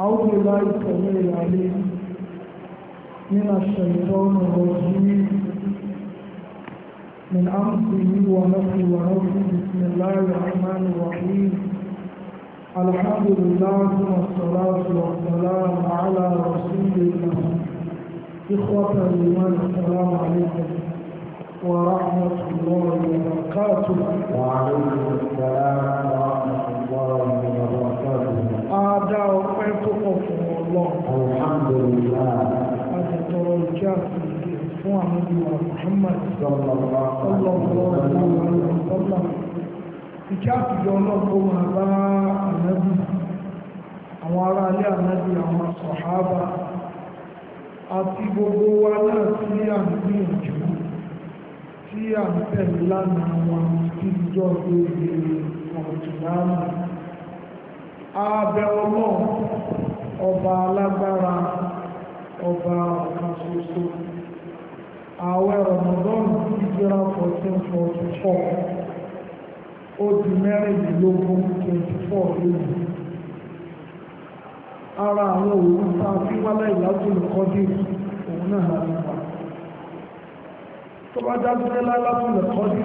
أعوذ بالله السميع العليم من الشيطان الرجيم من أمسه ونفسه ونفسه بسم الله الرحمن الرحيم الحمد لله والصلاة والسلام على رسول الله إخوة الإيمان السلام عليكم ورحمة الله وبركاته وعليكم السلام ورحمة الله Adá ọpẹ́ tó pọ̀ fún ọlọ́run. Alhamdulillah. A ti tọrọ ìjẹ́ àti fún àwọn ìwà Muhammad. Sọlọ́lọ́ Ìjẹ́ àtijọ́ ọlọ́pọ̀ máa bá ànábì, àwọn ará alẹ́ ànábì, àwọn sọ̀hábà, àti gbogbo wa náà tí à ń gbìyànjú, tí à ń tẹ̀lé lánàá wọn tí ìjọ́ tó gbé ọ̀tún lánàá abẹ ọlọ́run ọba alágbára ọba ọ̀kan ṣoṣo ààwẹ̀ ramadan ìjọra fourteen forty four ó di mẹ́rìndínlógún twenty four lónìí ara àwọn òun tá a fi wálé ìlàjòlù kọ́dé òun náà lára tó bá dájú pé lálátùlẹ̀ kọ́dé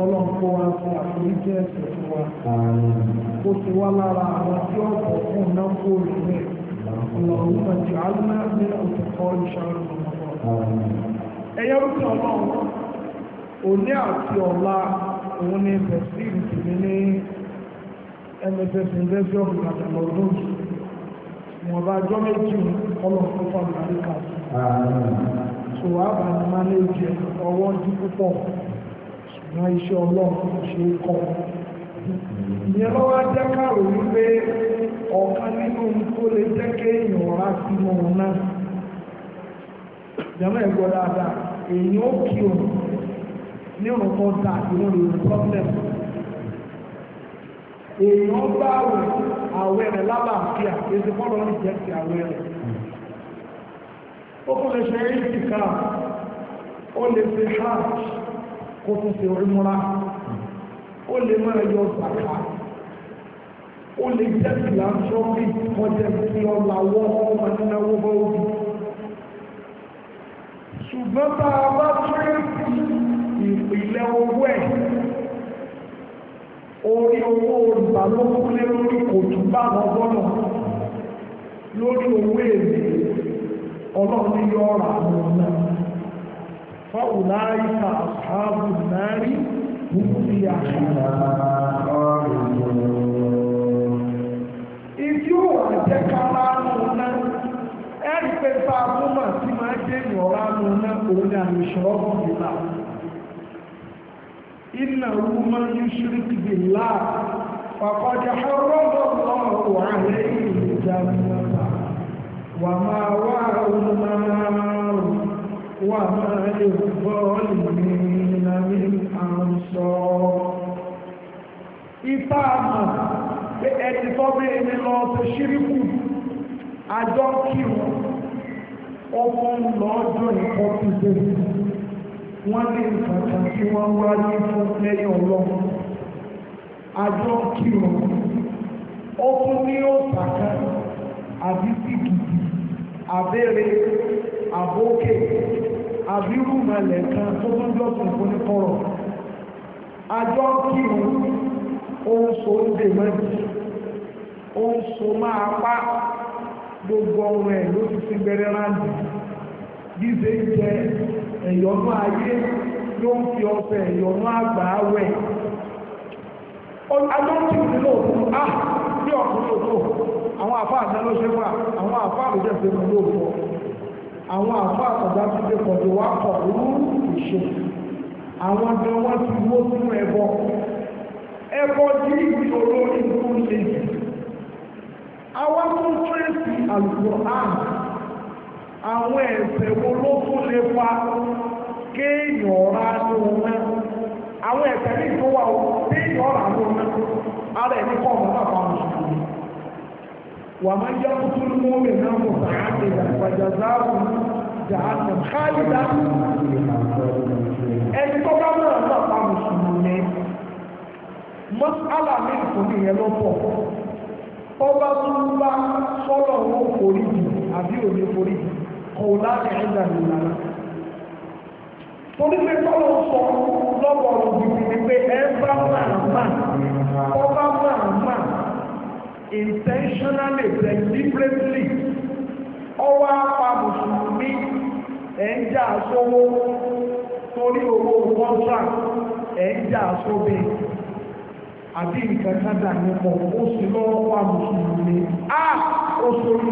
ọlọ́run kó wa fún àforíjì ẹ̀ṣẹ̀ fún wa kó ti wá lára àwọn tí ó bọ̀ fún náwó rẹ̀ ọlọ́run náà ti àlùmá ní òtútọ́ ìṣàrò ẹ̀yẹ́ rúkú ọlọ́run òní àti ọ̀la òun ni bẹ̀sí ìrìtìmí ní mss invention kàtàlọ́dún wọn bá jọ méjì ọlọ́run tó fà mí àríkà sí. sòwò àbànú máa ń lè jẹ ọwọ́ dín púpọ̀. àwọn iṣẹ́ ọlọ́run ṣe é kọ́ ìyẹn lọ́wọ́ jẹ́ káàrò wípé ọ̀kan nínú tó lè jẹ́ kéèyàn ọ̀rá sínú náà jẹ́mọ́ ẹ̀gbọ́ dáadáa èèyàn ó kí òun ní òun tó lè èèyàn bá àwẹ̀ àwẹ̀ rẹ̀ èsì ní jẹ́ ti kó tún ṣe umra ó lè má yọ zaka ó lè jẹ́ philanthropy kọjá kí ọlà wọ́ ọmọ nínáwó bá ó bí ṣùgbọ́n bá a bá tún ìpìlẹ̀ owó ẹ̀ orí owó olùbálòpọ̀lẹ́ lórí kò tún bá wọn gbọ́nà lórí owó èlé ọlọ́run yọ ọ̀rọ̀ àwọn náà. فأولئك أصحاب النار هم فيها ìdí òwò àjẹkára nù náà ẹ̀rí pé bá a mú mà sí máa dé ní ọ̀rá nù náà òun ni àmì ìṣòro ọ̀gbọ̀n nígbà. iná owó máa ń ṣírí kìdì láà pàpàdé ọlọ́dọ̀ lọ́wọ́ àlẹ́ ìlú ìjà nígbà wà máa wá òun náà. وما للظالمين من أنصار ìtààmà pé ẹni tó bẹ́ẹ̀ ni lọ ṣe ṣíríkù àjọ kírun ọmọ lọ́jọ́ ìkọ́kùdé wọ́n ní ìkàkà tí wọ́n wáyé fún lẹ́yìn ọlọ́run àjọ kírun ó tún ní òṣàkà àbí sìgìdì àbẹ́rẹ́ àbókè àbírú mọ̀lẹ̀ kan tó tún jọ́sùn fún ní kọ̀rọ̀ àjọ kírun ohun so ń dè mọ́jì ohun so máa pa gbogbo ọrùn ẹ̀ ló ti fi gbẹrẹ ráńdì díze jẹ ẹ̀yọ́nú ayé ló ń fi ọ̀fẹ́ ẹ̀yọ́nú àgbà wẹ̀ alóńtìrì lóòótọ́ A ah! bí ọkùnrin òtò àwọn àfáà náà ló ṣe wà àwọn àfáà ló jẹ́ pé mo lóòótọ́ àwọn àfọ àtọ̀gbá tó dé pọ̀ tó wá pọ̀ rú ìṣe àwọn gan wọ́n ti wó fún ẹbọ ẹbọ tí ìṣòro ìlú ṣe jù àwọn tó tẹ́sí àlùkò àmì àwọn ẹ̀ṣẹ̀ wo ló tún lè fa kéèyàn ọ̀rá ní ọmọ àwọn ẹ̀ṣẹ̀ ní ìtọ́wà ó kéèyàn ọ̀rá ní ọmọ ara ẹ̀ ní kọ́ ọ̀rá ومن يقتل مؤمنا متعمدا فجزاه جهنم خالدا ẹni tó bá mọ̀ ọ́n náà pa mùsùlùmí mọ́sálà ní ìfòmí yẹn ló pọ̀ ó bá tún bá sọ́lọ̀ wọn forí jù àbí òní forí jù kò láti ẹ̀dà nìlànà torí pé sọ́lọ̀ sọ lọ́wọ́ òbí ni pé ẹ bá máa máa ó bá máa máa intentionally deliberately ọwọ́ apá mùsùlùmí ẹ̀ńjà sówó torí owó contract ẹ̀ńjà sóbé àbí nǹkan kan dà ní pọ̀ ó sì lọ́wọ́ pa mùsùlùmí á ó sórí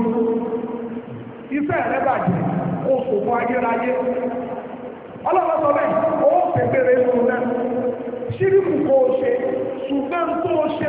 iṣẹ́ rẹ̀ bàjẹ́ ó sòfò ayérayé ọlọ́pàá bẹ́ẹ̀ ó pèpèrè lónà ṣírí kò ṣe ṣùgbọ́n tó ṣe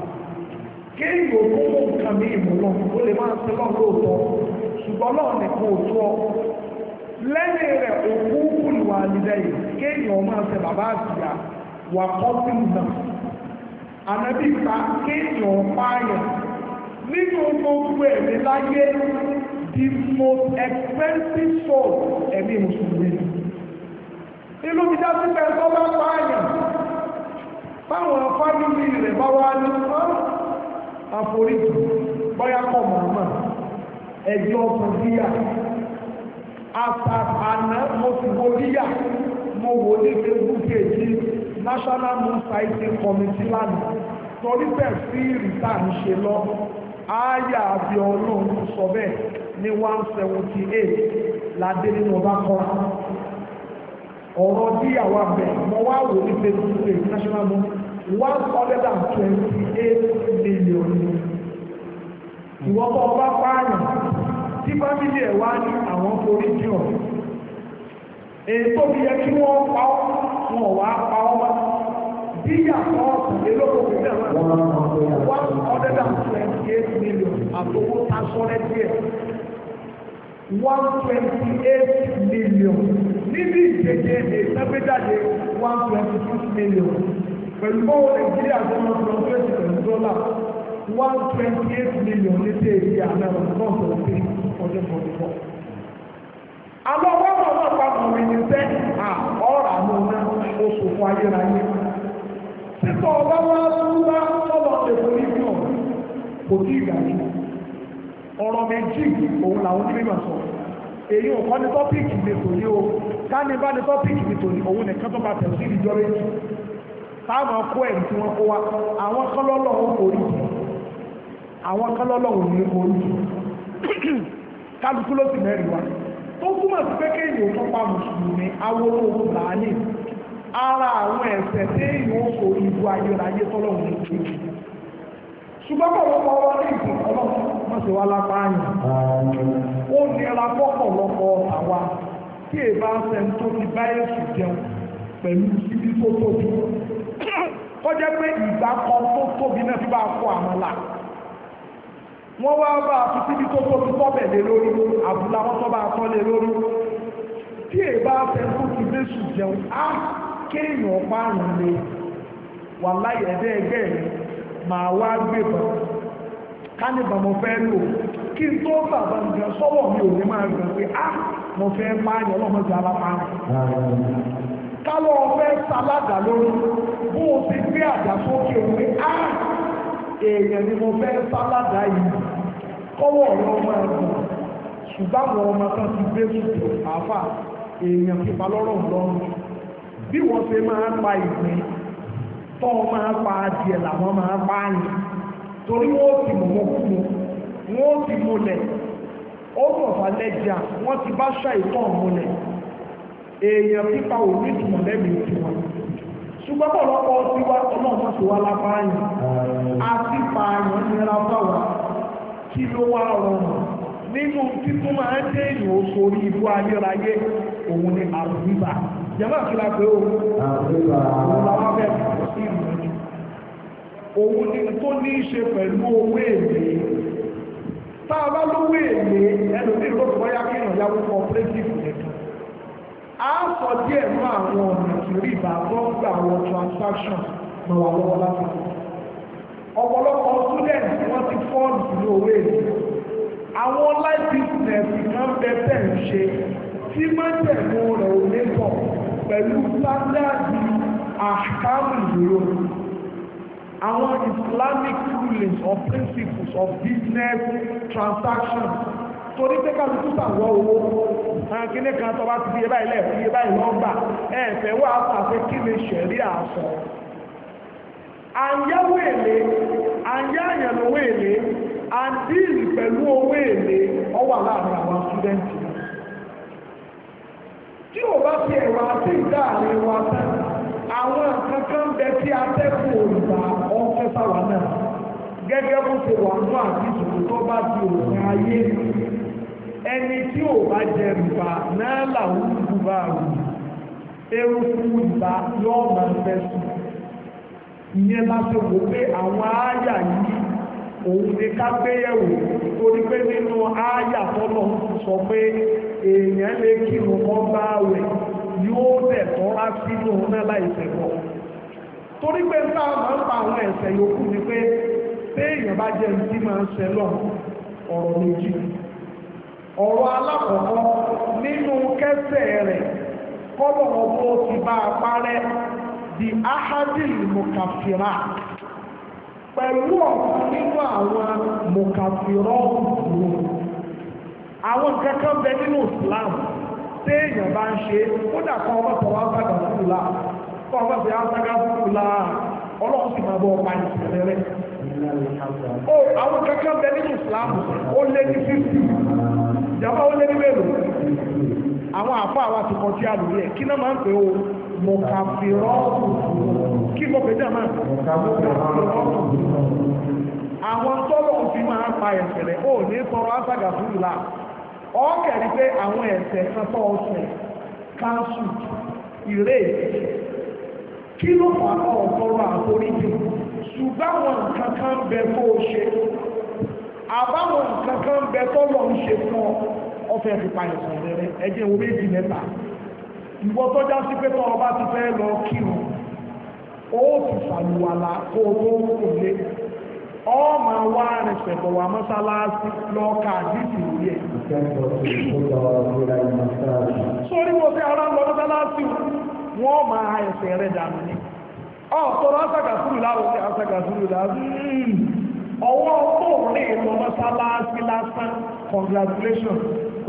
kéèyàn òkú mú nǹkan mi ìmú lọ ó lè máa ṣe lọ lóòótọ́ ṣùgbọ́n náà nìkan ò tó ọ lẹ́yìn rẹ̀ òkú kùlùwà nílẹ̀ yìí kéèyàn ọmọ ṣe bàbá àtìyà wà kọ́ sínú náà ànábì ta kéèyàn pààyàn nínú gbogbo ẹ̀mí láyé the most expensive soul ẹ̀mí mùsùlùmí ìlú mi dá sí pé ẹ̀tọ́ bá pààyàn báwọn fámìlì rẹ̀ bá wá ní àforíjì bọ́yá kọ̀ mọ̀ọ́mọ̀ ẹjọ́ ọkùn díyà àtàkànà mo ti wo díyà mo wò ní facebook èjì national society committee lánàá torí bẹ́ẹ̀ sí ìrìtà ń ṣe lọ ààyè àbí ọlọ́run sọ bẹ́ẹ̀ ní one seventy eight ládé nínú ọba kọ́ra ọ̀rọ̀ díyàwó abẹ mo wá wò ní facebook èjì national society one hundred and twenty eight million ìwọ́n tó ọba pààyàn tí fámìlì ẹ̀ wá ní àwọn forí jì ọ́ èyí tó fi yẹ kí wọ́n pa ọ́ wọn wá pa ọ́ wá bí yàtọ̀ ìlókòkò náà one hundred and twenty eight million àtòwò tasọ́rẹ́ díẹ̀ one twenty eight million níbi ìjẹ́jẹ́ ìdè sábẹ́jáde one twenty two million pẹ̀lú bọ́wọ́ nàìjíríà tó lọ sí ọdún ẹ̀sìn pẹ̀lú dọ́là one twenty eight million ní tẹ̀ èyí àná ọ̀sán tó ti ọdún forty four. àwọn ọgbà wọn náà pa àwọn ènìyàn sẹ́ à ọ̀rọ̀ àwọn ọ̀nà oṣù fún ayérayé. títọ̀ ọba wa lúwa sọ́dọ̀ èkó níbi ọ̀ kò tí ì gàdí. ọ̀rọ̀ méjì òun làwọn onímọ̀ sọ èyí ò kọ́ ní tọ́pìkì mi tòní o ká ní bá ní tọ́pìkì mi tòní òun nìkan tó bá táàmù ọkọ ẹ̀ tí wọ́n kó wa àwọn kọ́lọ́lọ́ orí àwọn kọ́lọ́lọ́ òní orí kálukú ló sì mẹ́rin wa tó túmọ̀ sí pé kéèyàn tó pa mùsùlùmí awolowó làálì ara àwọn ẹ̀ṣẹ̀ téèyàn ó kò ibu ayérayé tọ́lọ́hún ní ìlú ṣùgbọ́n pọ̀lọpọ̀ wọn ní ìsìn ọlọ́run wọ́n sì wá lápá àyàn ó nira pọ̀pọ̀lọpọ̀ àwa tí èèbá ń sẹ́ni tó ti bá èsù jẹun pẹ̀lú síbí tó tóbi kọjá pé ìgbà kan tó tóbi náà fi bá kó wọ́n wá bá a tún síbi tó tóbi tọ́bẹ̀ lé lórí àbúlá wọn tọ́ bá a tọ́ lé lórí tí èèbá fẹ́kú ti dé sùn jẹun á kéèyàn márùn-ún wà láyé ẹgbẹ́ rẹ̀ wá kánìbà mo fẹ́ lò kí n tó bàbá sọ́wọ́ mi ò ní máa gbà pé á mo fẹ́ kálọ̀ ọ̀fẹ́ sáládà lórí bó o ti gbé àdá sókè òwe á èèyàn ni mo fẹ́ sáládà yìí kọ́wọ́ ọ̀rọ̀ ọmọ ẹ̀kọ́ ṣùgbọ́n àwọn ọmọ kan ti gbé sùkú àfà èèyàn pípa lọ́rọ̀ lọ́rùn bí wọ́n ṣe máa ń pa ìpín tọ́ máa ń pa adìẹ làwọn máa ń pa àyìn torí wọ́n ti mọ̀mọ́ kú mu wọ́n ti mọlẹ̀ ó sọ̀fà lẹ́jà wọ́n ti bá ṣàìtọ́ mọlẹ̀ èèyàn pípa ò ní ìtumọ̀ lẹ́bi ìtumọ̀ ṣùgbọ́n pọ̀lọpọ̀ ti wá ọlọ́ọ̀mọ́ ti wá lápáyìn àti pààyàn nira báwa kí ló wá rọrùn nínú títún máa ń dé èèyàn sórí ibú ayérayé òun ni àbúrúbà jẹ́mọ́ àkílá pé o òun làwọn fẹ́ sí ìrìnàjò òun ni tó ní í ṣe pẹ̀lú owó èlé tá a bá lówó èlé ẹlòmíràn ló fọyà kí èèyàn yáwó cooperative a sọ díẹ̀ mú àwọn ọ̀nà tí rí ìbá gbọ́ngbà àwọn transaction mọ̀ wà lọ́wọ́ láti ọ̀pọ̀lọpọ̀ student wọ́n ti fọ́ọ̀nù sí owó èlé àwọn life business kan bẹ́tẹ̀ ń ṣe tí mọ́tẹ̀mú rẹ̀ ò ní bọ̀ pẹ̀lú sáńdáàdì àkáàmù ìlú àwọn Islamic rulings or principles of business transactions torí pé ká tuntun sàwọ́ owó àwọn kíní kan tó bá ti di ẹbá ilẹ̀ fún ẹbá ìwọ́ gbà ẹ̀ẹ̀fẹ̀ wà pàṣẹ kí ni ṣẹ̀rí àṣọ àyẹ̀wò èlé àyẹ̀yẹ̀lówó èlé àdíìlì pẹ̀lú owó èlé ọwà láàrin àwọn sítúdẹ́ǹtì tí ò bá fi ẹ̀wà sí ìdáàrin wa tán àwọn kankan bẹ tí atẹ́kùn òrùbá ọ̀fẹ́ sáwà náà gẹ́gẹ́ bó ṣe wà ní àdíjù tó bá di òfin ayé ẹni tí ò bá jẹ rìbá náà làwọn olùdùbà rù eruku ìgbà yóò máa ń bẹ sùn ìyẹn bá ṣe wò pé àwọn ááyà yìí òun ni ká gbéyẹ̀wò torí pé nínú ááyà tọ́lọ̀ sọ pé èèyàn lè kírun mọ́ bá rẹ̀ yóò dẹ̀ tọ́ra sínú náà láìsẹ̀ pọ̀ torí pé nígbà máa ń pa àwọn ẹ̀ṣẹ̀ yòókù ni pé téèyàn bá jẹ́ ní tí máa ń ṣẹlọ̀ ọ̀rọ̀ méjì ọ̀rọ̀ alákọ̀ọ́kọ́ nínú kẹsẹ̀ rẹ̀ kọ́lọ̀ ti bá a parẹ́ di ahadil mukafira pẹ̀lú ọ̀kan nínú àwọn mukafira ọ̀hún àwọn kankan bẹ nínú Islam téèyàn bá ń ṣe kódà kan ọmọ tó wá fúlà wá fúlà ọlọ́run sì máa bọ́ ìṣẹ̀lẹ̀ oh, àwọn bẹ nínú Islam ó ìjàmbá ó lé ní mélòó àwọn àfọ àwa ti kọ sí àlùyí ẹ kí náà máa ń pè ó mo kà fi rọ́ọ̀kù kí mo pè jàmbá mo kà fi rọ́ọ̀kù àwọn tọ́lọ̀ fi máa pa ẹ̀sẹ̀ rẹ̀ ó ní sọ̀rọ̀ àṣàgà fún ìlà ọ̀kẹ́rì pé àwọn ẹ̀sẹ̀ kan tọ́ ọ̀sẹ̀ káńsù ìrèé kí ló fà ọ̀tọ̀rọ̀ àforíjì ṣùgbọ́n àwọn nǹkan bẹ fó ṣe àbáwọn nǹkan kan bẹ tọ́lọ̀ ń ṣe fún ọ ọfẹ́ fi pa ẹ̀sùn rẹ̀ ẹjẹ́ owó méjì mẹ́ta ìwọ tó já sí pé tọ́ ọba ti fẹ́ lọ kírun ó ti fàlùwàlà kó o tó ń kò lé ọ máa wá rẹsẹ̀ bọ̀ wá mọ́sálásí lọ́ọ̀ka àdìsí rí ẹ̀. sórí mo fi ara lọ mọ́sálásí wọ́n máa ẹsẹ̀ rẹ̀ dànù ni ọ̀ tọrọ àṣàkàsúrù láwọn ọ̀sẹ̀ àṣàkàsúrù láwọn hmm ọwọ́ tó rìn lọ mọ́sálásí lásán congratulation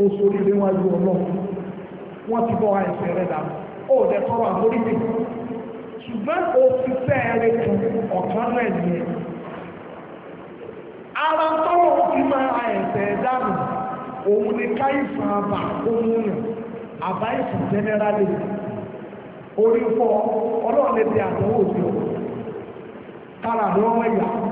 oṣù oríire wọn ju ọlọ́ wọn ti bọ́ àìsàn rẹ̀ dà ó dẹ̀ tọrọ àforíjì ṣùgbọ́n oṣù tẹ́ẹ̀rẹ̀ kan ọ̀kan náà nìyẹn ara tọ́rọ̀ ti máa àìsàn dànù òun ni káyìsàn àbà ohun yàn àbá ìsàn jẹ́nẹ́rálì orí fọ́ ọlọ́ọ̀lẹ́dẹ̀ àtọ́wò sí ọ kára lọ́wọ́ ìyàwó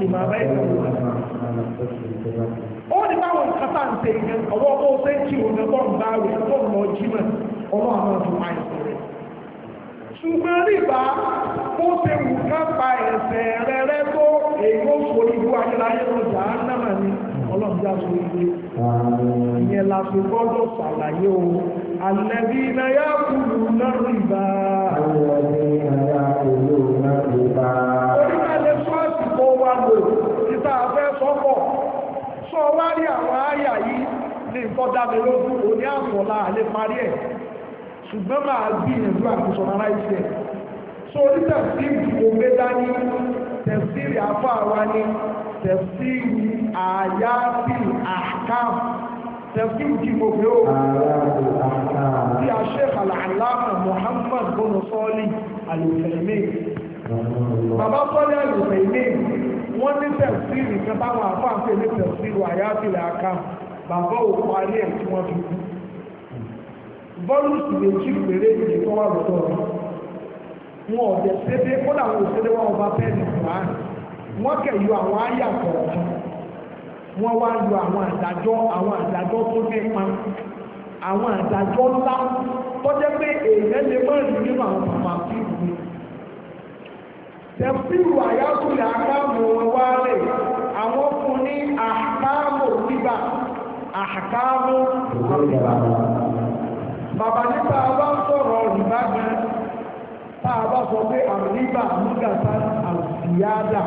lèmọ̀ abẹ́ ìgbàlódé. ó ní báwọn nǹkan tá à ń ṣe yẹn ọwọ́ ó ṣe ń kí òun ẹgbọ́n bá rẹ̀ ẹgbọ́n lọ jí mọ̀ ọwọ́ àwọn ọdún máa ń sọ rẹ̀. ṣùgbọ́n rìbá ó ṣe wù ká pa ẹ̀sẹ̀ rẹ̀ rẹ́ tó èyí ó forí ibú ayérayé lọ́jà á náà ní ọlọ́ọ̀dá tó ilé ìyẹn la fi gbọ́dọ̀ ṣàlàyé o alẹ́bí iná yá kúrú náà rìbá. alẹ́bí iná yá kúrú náà rìbá tọ́pọ̀ sọ wá rí àwọn àyà yìí ní nǹkan dábẹ̀ lógún òní àfọ̀lá àlè parí ẹ̀ ṣùgbọ́n máa gbìyànjú àkóso ara iṣẹ́ so ní tẹ̀síìrì ògbé dání tẹ̀síìrì afọ àwa ni tẹ̀síìrì àyàbí àkàm tẹ̀síìrì tí mo gbé òkú tí a ṣe àlàáfà Muhammad bọ́nà sọ́ọ́lì àlùfẹ̀mẹ́ bàbá sọ́ọ́lì wọ́n ní tẹ̀síìrì kan táwọn àfáàfẹ́ ní tẹ̀síìrì àyáfìlẹ̀ àká bàbá òkú ayé ẹ̀ tí wọ́n fi kú bọ́lùsì méjì péré ìdí tó wà lọ́dọ̀ rẹ̀ wọn ọ̀dẹ̀ sédé kódà wọn ò sédé wọn ọba bẹ́ẹ̀ nì wá wọn kẹ̀ yọ àwọn àyà kọ̀ọ̀kan wọn wá yọ àwọn àdájọ́ àwọn àdájọ́ tó dé pa àwọn àdájọ́ ńlá tó jẹ́ pé èèyàn lè mọ̀ nínú àwọn tẹ̀síwò àyákùnlé àkáàmù wọn wálẹ̀ àwọn fún ní àkáàmù rìbá àkáàmù rìbá bàbá nípa bá sọ̀rọ̀ rìbá gan tá a bá sọ pé àrùníbà nígbàtà àrùsíyádà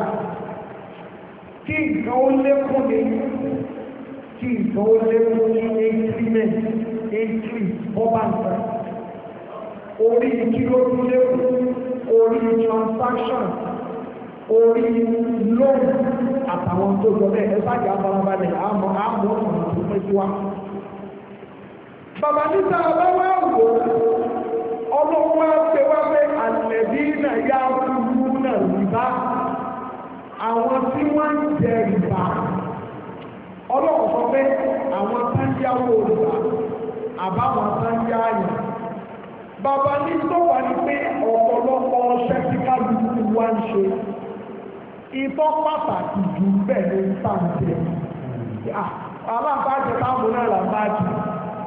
kí nǹkan ó lékún ní kí nǹkan ó lékún ní increment increase over time orí kí ló tún lékún orí transaction orí loan àtàwọn tó lọ bẹ́ẹ̀ ẹ sáàjà abalabalẹ̀ àmọ́ àmọ́ ọ̀nà tó pẹ́ sí wa. bàbá níta ọlọ́wọ́ àwò ọlọ́wọ́ pé wá pé àlẹ́bí náà yá kúrú náà rìbá àwọn tí wọ́n ń jẹ rìbá ọlọ́wọ́ sọ pé àwọn tá ń yáwó rìbá àbáwọn tá ń yá àyàn bàbá ní tó wà ní pé ọ̀pọ̀lọpọ̀ ọṣẹ́ tí kálukú wá ń ṣe ìtọ́ pàtàkì jù bẹ́ẹ̀ ló ń tàǹtẹ̀ alábàájẹ táwọn náà làbájẹ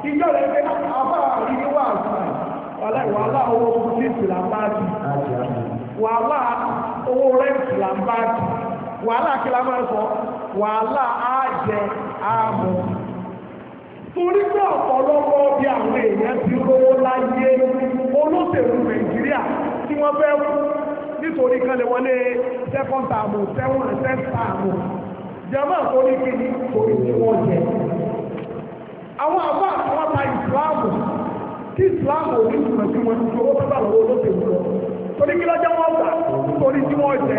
ìjọ rẹ pé àbá àríwá wà wàhálà owó kùtìsì làbájẹ wàhálà owó rẹ́ǹtì làbájẹ wàhálà kí la máa sọ wàhálà àjẹ ààbò torí pé ọ̀pọ̀lọpọ̀ bí àwọn èèyàn ti rówó láyé olóṣèlú nàìjíríà tí wọ́n fẹ́ kú nítorí kan lè wọlé second term seven third term jẹ́mọ́ àkórí kìíní torí tí wọ́n jẹ àwọn àbá àwọn ta ìsìláàmù tí ìsìláàmù ò ní ìtumọ̀ tí wọ́n ti owó sábà lọ́wọ́ olóṣèlú lọ torí kí lọ́jọ́ wọn gbà torí tí wọ́n jẹ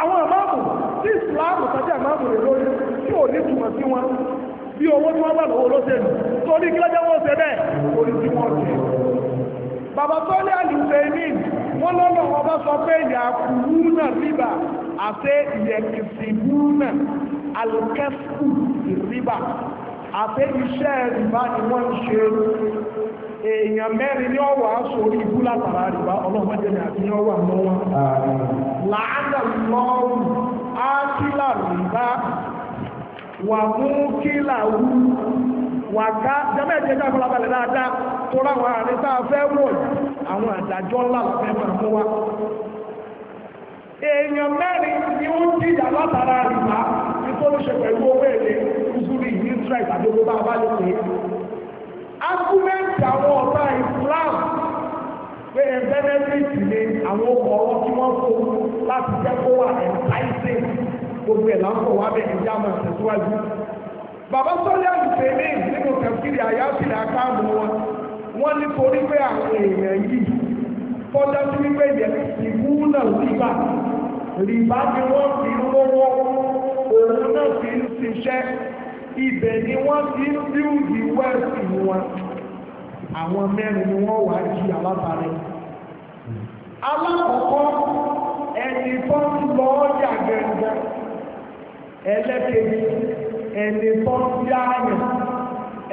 àwọn àmáàmù tí ìsìláàmù tàbí àmáàmù rẹ̀ lórí tí ò ní ìtumọ̀ sí wọn sí owó tí wọ́n bá lọ́wọ́ olóṣèlú torí kí lọ́jọ́ wọ́n ṣe bẹ́ẹ̀ orí ṣe bàbá tó lé àlùfẹ́ ní wọ́n lọ́nà ọba sọ pé ìyà kúrú náà ríbà àti ìyẹ̀kìsì kúrú náà alùkẹ́fù ríbà àti iṣẹ́ ríbà ni wọ́n ṣe èèyàn mẹ́rin ní ọwọ́ aṣọ orí látara ríbà ọlọ́mọdé ni àti ní ọwọ́ àmọ́ wà mú kí làwú wà ká jẹ́mẹ́ ìjẹta fọlábalẹ̀ dáadáa tó ráwọn àárín tá a fẹ́ wọ̀ àwọn àdájọ́ ńlá fẹ́ máa mú wa èèyàn mẹ́rin ni ó ń jíjà látara rìbá nítorí ṣe pẹ̀lú owó èlé ìzúrí ní israel bá bá lè pè é ágúmẹ́ǹtì àwọn ọ̀tá pé bẹ́nẹ́fìtì gbogbo ẹ̀ láńpọ̀ wá bẹ̀ ẹ̀já máa tẹ̀síwájú. bàbá sọ́lé àlùfẹ́ ní nínú tẹ̀síìrì àyáfìlẹ̀ akáàmù wọn wọ́n ní torí pé àwọn èèyàn yìí fọ́jà sí wípé yẹn ìbú náà rìbá rìbá ni wọ́n fi ń lọ́wọ́ òun náà fi ń ṣiṣẹ́ ibẹ̀ ni wọ́n ti ń bíúdì wẹ́ẹ̀sì wọn àwọn mẹ́rin ni wọ́n wà jí alábàárẹ̀ alákọ̀ọ́kọ́ ẹni tó ń lọ ọjà ẹlẹ́kẹ̀ẹ́ni ẹni tó yáàyàn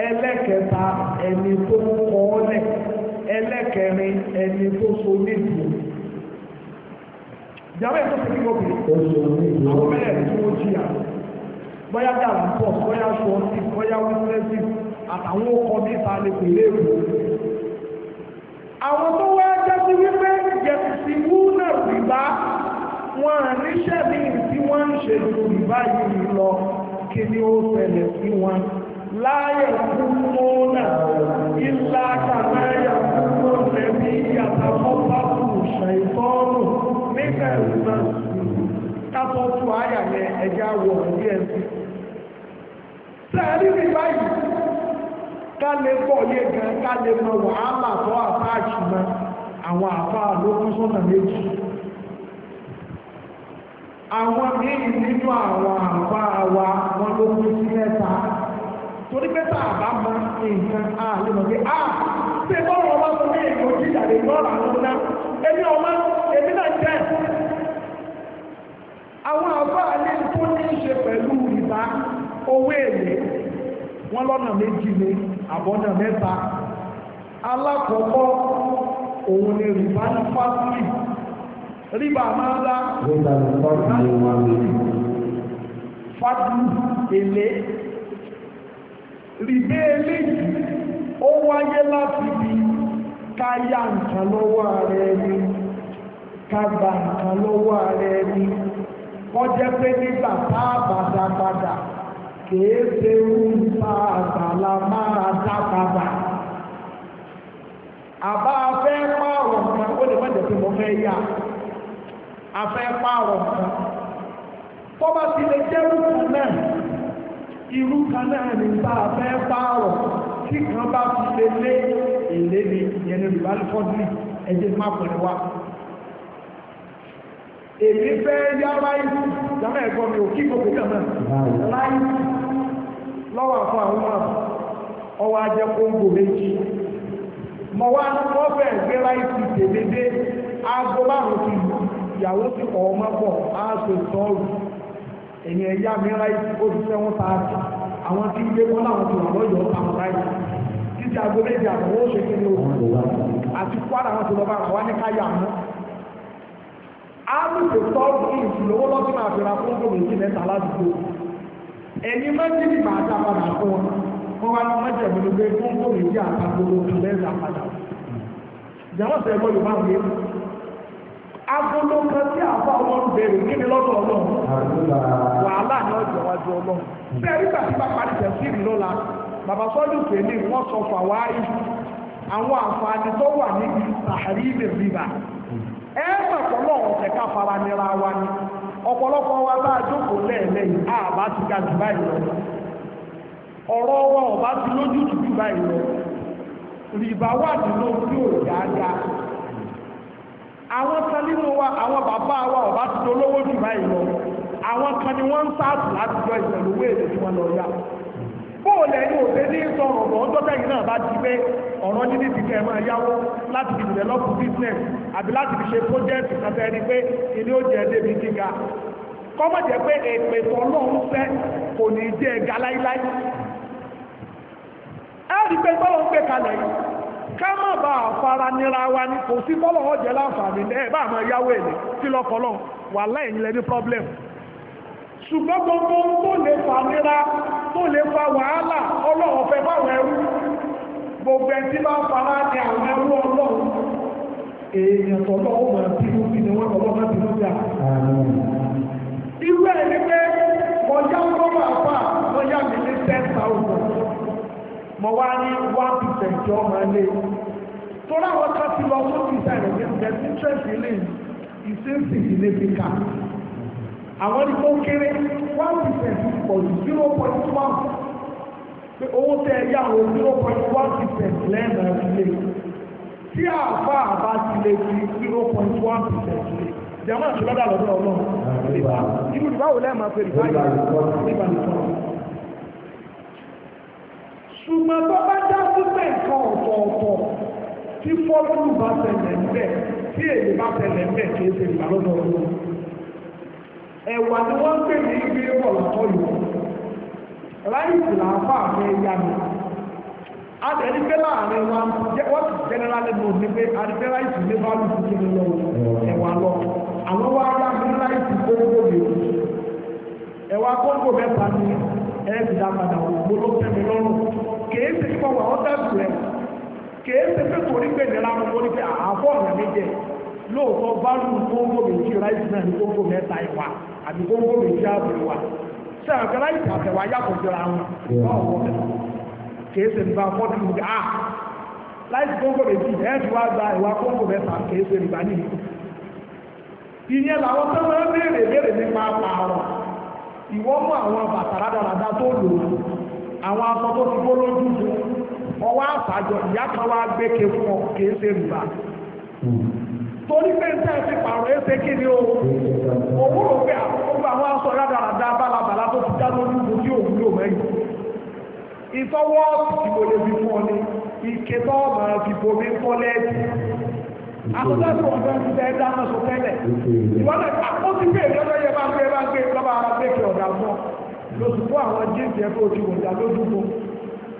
ẹlẹ́kẹ̀ẹ́ta ẹni tó kọ́ ọ́lẹ̀ ẹlẹ́kẹ̀ẹ́rin ẹni tó so nídìí ìjàmbá ètò ìpínlẹ̀ obìnrin àwọn mẹ́rẹ̀ẹ́rin tí wọ́n jìyà bóyá dàrú pọ̀ bóyá ṣọ́ọ̀tì bóyá wíńdẹ́sì àtàwọn ọkọ̀ ní ìsàlẹ̀ pèlè èkó àwọn tó wá jẹ́ sí wípé yẹ̀sì wúnà rìbá wọn níṣẹ́ bí tí wọ́n ń ṣe yorùbá yìí lọ kí ni ó ṣẹlẹ̀ sí wọn láyé kúmọ́nà ilá kàmáyà kúmọ́nà bí yàtàkọ́pàkù ṣàìtọ́nù nígbà ìgbà kátó tó àyà yẹn ẹja wọ̀ ní ẹ̀sìn. sẹ́ẹ̀rí mi báyìí ká lè pọ̀ yé gan ká lè mọ wàhálà tó àtàkì mọ́ àwọn àfa àlókùn sọ́nà méjì. àwọn èèyàn nínú àwọn àbá wa wọn ló sí ẹ̀ta torí pé a bá mọ nǹkan á lè mọ̀ pé á ah, ṣé bọ́ọ̀rọ̀ ọba ní èkó ojú ìjà lè lọ́ọ̀rọ̀ àwọn èmi ọmọ èmi náà jẹ́ àwọn àbá ní ní í ṣe pẹ̀lú ìbá owó èlé wọn lọ́nà méjì ni àbọ̀nà mẹ́ta alákọ̀ọ́kọ́ òun ríbà máa ń lá fàdú èlé rìbé eléyìí ó wáyé láti bí ká yá nǹkan lọ́wọ́ ààrẹ ẹni ká gba nǹkan lọ́wọ́ ààrẹ ẹni kọ́ jẹ́ pé nígbà tá a bàdà padà kìí àgbàlá máa dá àbá fẹ́ pààrọ̀ nǹkan ó lè má jẹ́ mo fẹ́ yá. afẹ́ pààrọ̀ kan bá ti lè jẹ́ rúkú náà irú kan náà ní bá afẹ́ pààrọ̀ kan bá fi lè lé èlé ni ìyẹn ní ẹjẹ́ má pẹ̀lú wa èmi fẹ́ yá láìsí ìjàmẹ́ ẹ̀kọ́ mi ò kí gbogbo láìsí lọ́wọ́ àwọn ọmọ ọwọ́ ajẹ́ kóńgò méjì mọ̀ wá gbé láìsí ìyàwó sí ọmọ pọ̀ á ṣe ìtọ́rù ẹ̀yìn ẹ̀yà mìíràn òṣìṣẹ́ wọn tààtì àwọn tí ń gbé wọn láwọn tó wà lọ́yọ̀ọ́ táwọn báyìí títí aago méjì àtọwọ́ ṣe kí ni o àti kwara wọn tó lọ bá ara wá ní káyà mọ́ á lù tó tọ́rù kí ìṣìlówó lọ́sí máa fi ra fún gómìnà sí mẹ́ta ládùúgbò ẹ̀yìn méjì ni màá dá padà fún wọn wọ́n wá ní májèmínú pé fún gómìnà sí àtàgbò agolo kan tí àfa ọlọ́run bèrè kí lọdụ lọ́dọ̀ wàhálà ni iwájú nígbà tí bàbá bàbá pèlè sọ àwọn àǹfààní tó wà níbi sàárì ilẹ̀ rírà ẹ mọ̀ pọ̀lọ́ ká fara nira wa ni ọ̀pọ̀lọpọ̀ wa bá a jókòó lẹ́ẹ̀lẹ́yìn àbá ti ga jù báyìí lọ wa ti lójú wà nínú àwọn kan nínú wa àwọn bàbá wa ọba ti dolówó jù báyìí lọ àwọn kan ni wọ́n ń sáàtù láti jọ ìṣẹ̀lú owó èdè tí wọ́n lọ yá bóòlù ẹ̀yìn òde ní sọ̀rọ̀ bọ̀ ọjọ́ tẹ̀yìn náà bá ti pé ọ̀rọ̀ níbi ti kẹ́ ẹ̀ máa yáwó láti fi develop business àbí láti fi ṣe project kàtà ẹni pé ilé ó jẹ́ débi gíga kọ́mọ̀ jẹ́ pé èpètò ọlọ́run fẹ́ kò ní jẹ́ ẹ̀ga láíláí ẹ̀rí pé gbọ́dọ̀ ń gbé kalẹ̀ yìí ká má bá a fara nira wa ní kò sí bọ́lọ̀ ọ̀jẹ̀ láǹfààní ẹ̀ bá àmọ́ yáwó èlé sí lọ́kọ̀ọ́lọ́ wà láìyìn lẹ́ni problem ṣùgbọ́n gbogbo tó lè fa nira tó lè fa wàhálà ọlọ́run fẹ́ báwọn ẹrú gbogbo ẹtí bá ń fara ní àwọn ẹrú ọlọ́run èèyàn tọ́lọ́ ó mọ̀ bínú bí ni wọ́n kọ́ bá bínú bí i irú ẹ̀ ní pé mọ̀já ń gbọ́ mọ̀já mi ní ten mo wá ní one percent tí ọmọ ilé torí àwọn kan ti lọ sókè sẹ́yìn ní the interest ilé ìsẹ́sì ilé fi kà àwọn ní kó kéré one percent pọ̀ ju zero point one pé owó tẹ ẹ yá o zero point one percent lẹ́ẹ̀mọ̀ ilé tí àfa àbá ti lè fi zero point one percent lé jẹ́mọ̀ àti lọ́dà lọ́dọ̀ ọlọ́run ìbá ìbùdó báwo lẹ́ẹ̀mọ̀ pé ìbá yìí ìbá nìkan ṣùgbọ́n tó bá já sípẹ̀ nǹkan ọ̀tọ̀ọ̀tọ̀ tí fọ́ọ̀lù bá tẹ̀lẹ̀ ń bẹ̀ tí èyí bá tẹ̀lẹ̀ ń bẹ̀ kì í ṣe ìgbàlódọ̀ ọdún ẹ̀wà ni wọ́n ń pè ní ibi ọ̀làtọ̀ yìí ráìsì làáfà àfẹ́ yá mi àtẹ̀lé pé láàrin wa wọ́n ti generally know ní pé àdìpẹ́ ráìsì ní bá lùkù kí ni lọ ẹ̀wà lọ àwọn wá yá mi ráìsì kóńgò lè ẹ̀wà kóńgò mẹ́ta ni ẹ̀ẹ́dì dápadà ògbó ló tẹ̀mí lọ́rùn kìí ṣe kíkọ́ wà ọ́dà jù ẹ̀ kìí ṣe pé kò ní gbèdè lára wọn ní pé àáfọ̀ ọ̀nà mi jẹ lóòótọ́ báàlù kóńgò méjì ráìsì náà ní kóńgò mẹ́ta ìwà àbí kóńgò méjì ààbò ìwà ṣé àgbà ráìsì àtẹ̀wà yàtọ̀ jọra wọn báwo kìí ṣe nípa fọ́ọ̀dù ní à láìsí kóńgò méjì ẹ̀ẹ́dì wá gba ìwà kóńgò mẹ́ta kìí ṣe nípa nìyí ìyẹn làwọn tó máa ń béèrè béèrè nípa pààrọ̀ ìwọ mú àwọn bàtà rádaràdá tó lò ó àwọn aṣọ tó ti gbó lójú fún ọwọ́ àfàjọ ìyá kan wá gbé ke fún ọ kìí ṣe rùbá torí pé ní ẹ̀sìn pààrọ̀ ẹ̀sẹ̀ kí ni o òun rò pé gbogbo àwọn aṣọ rádaràdá bálabàlá tó ti dá lójú fún tí òun lò mẹ́yìn ìtọ́wọ́ ìwòlè fi fún ọ ní ìkẹtọ́ ọmọ fi kọ́lẹ́ẹ̀tì àtúntàtò ọ̀dọ́ ti tẹ ẹ̀dá náà sọ tẹ́lẹ̀ ìwọ́n ó ti gbé ìjọba yẹ bá ń gbé bá ń gbé lọ́ba ara gbékè ọ̀dà mọ́ lóṣù fún àwọn jíǹsì ẹ̀fọ́ ti wò dá lójú fún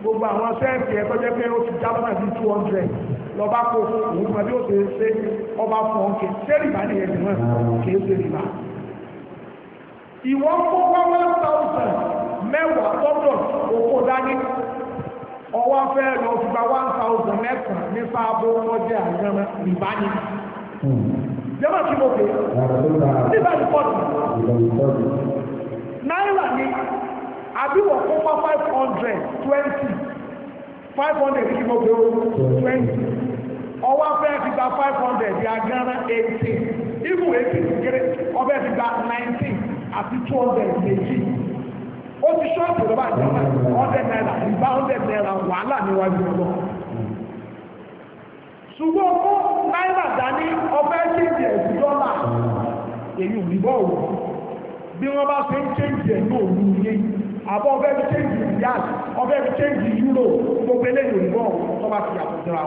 gbogbo àwọn sẹ́ẹ̀sì ẹ̀fọ́ jẹ́ pé ó ti jábọ́ náà sí two hundred lọ́ba kó fún òun kan bí ó ṣe ṣe ọba fún ọ̀nkè sẹ́rìbá ni ẹ̀sìn náà kì í sẹ́rìbá. ìwọ́n kó wá mẹ́wàá tọ́dọ̀ òkú dání ọwọ́ fẹ́ lọ fi gba one thousand mẹ́sàn-án ní sáàbù lọ́jẹ́ àgbẹ̀mọ́ rìbá ni. jẹ́mọ̀ kí mo pè é nígbà tí pọ̀ tù. náírà ni àbíwọ̀ fún pa five hundred twenty five hundred kí mo pè twenty ọwọ́ fẹ́ fi gba five hundred di agbẹ̀mọ́ eighteen ibù eighteen kéré ọbẹ̀ fi gba nineteen àti two hundred méjì ó ti ṣọ́ọ̀bù lọ́wọ́ àjọba ọ̀dẹ̀ náírà ìgbà ọ̀dẹ̀ náírà wàhálà níwájú ọlọ́ ṣùgbọ́n ó náírà dání ọbẹ̀ ṣèjì ẹ̀sìn dọ́là èyí ò ní bọ́ òwò bí wọ́n bá ṣe ń ṣèjì ẹ̀ ní òru yé àbọ̀ ọbẹ̀ fi ṣèjì yas ọbẹ̀ fi ṣèjì yúrò gbogbo eléyìí ò ní bọ́ òwò tó bá fi yàtọ̀ síra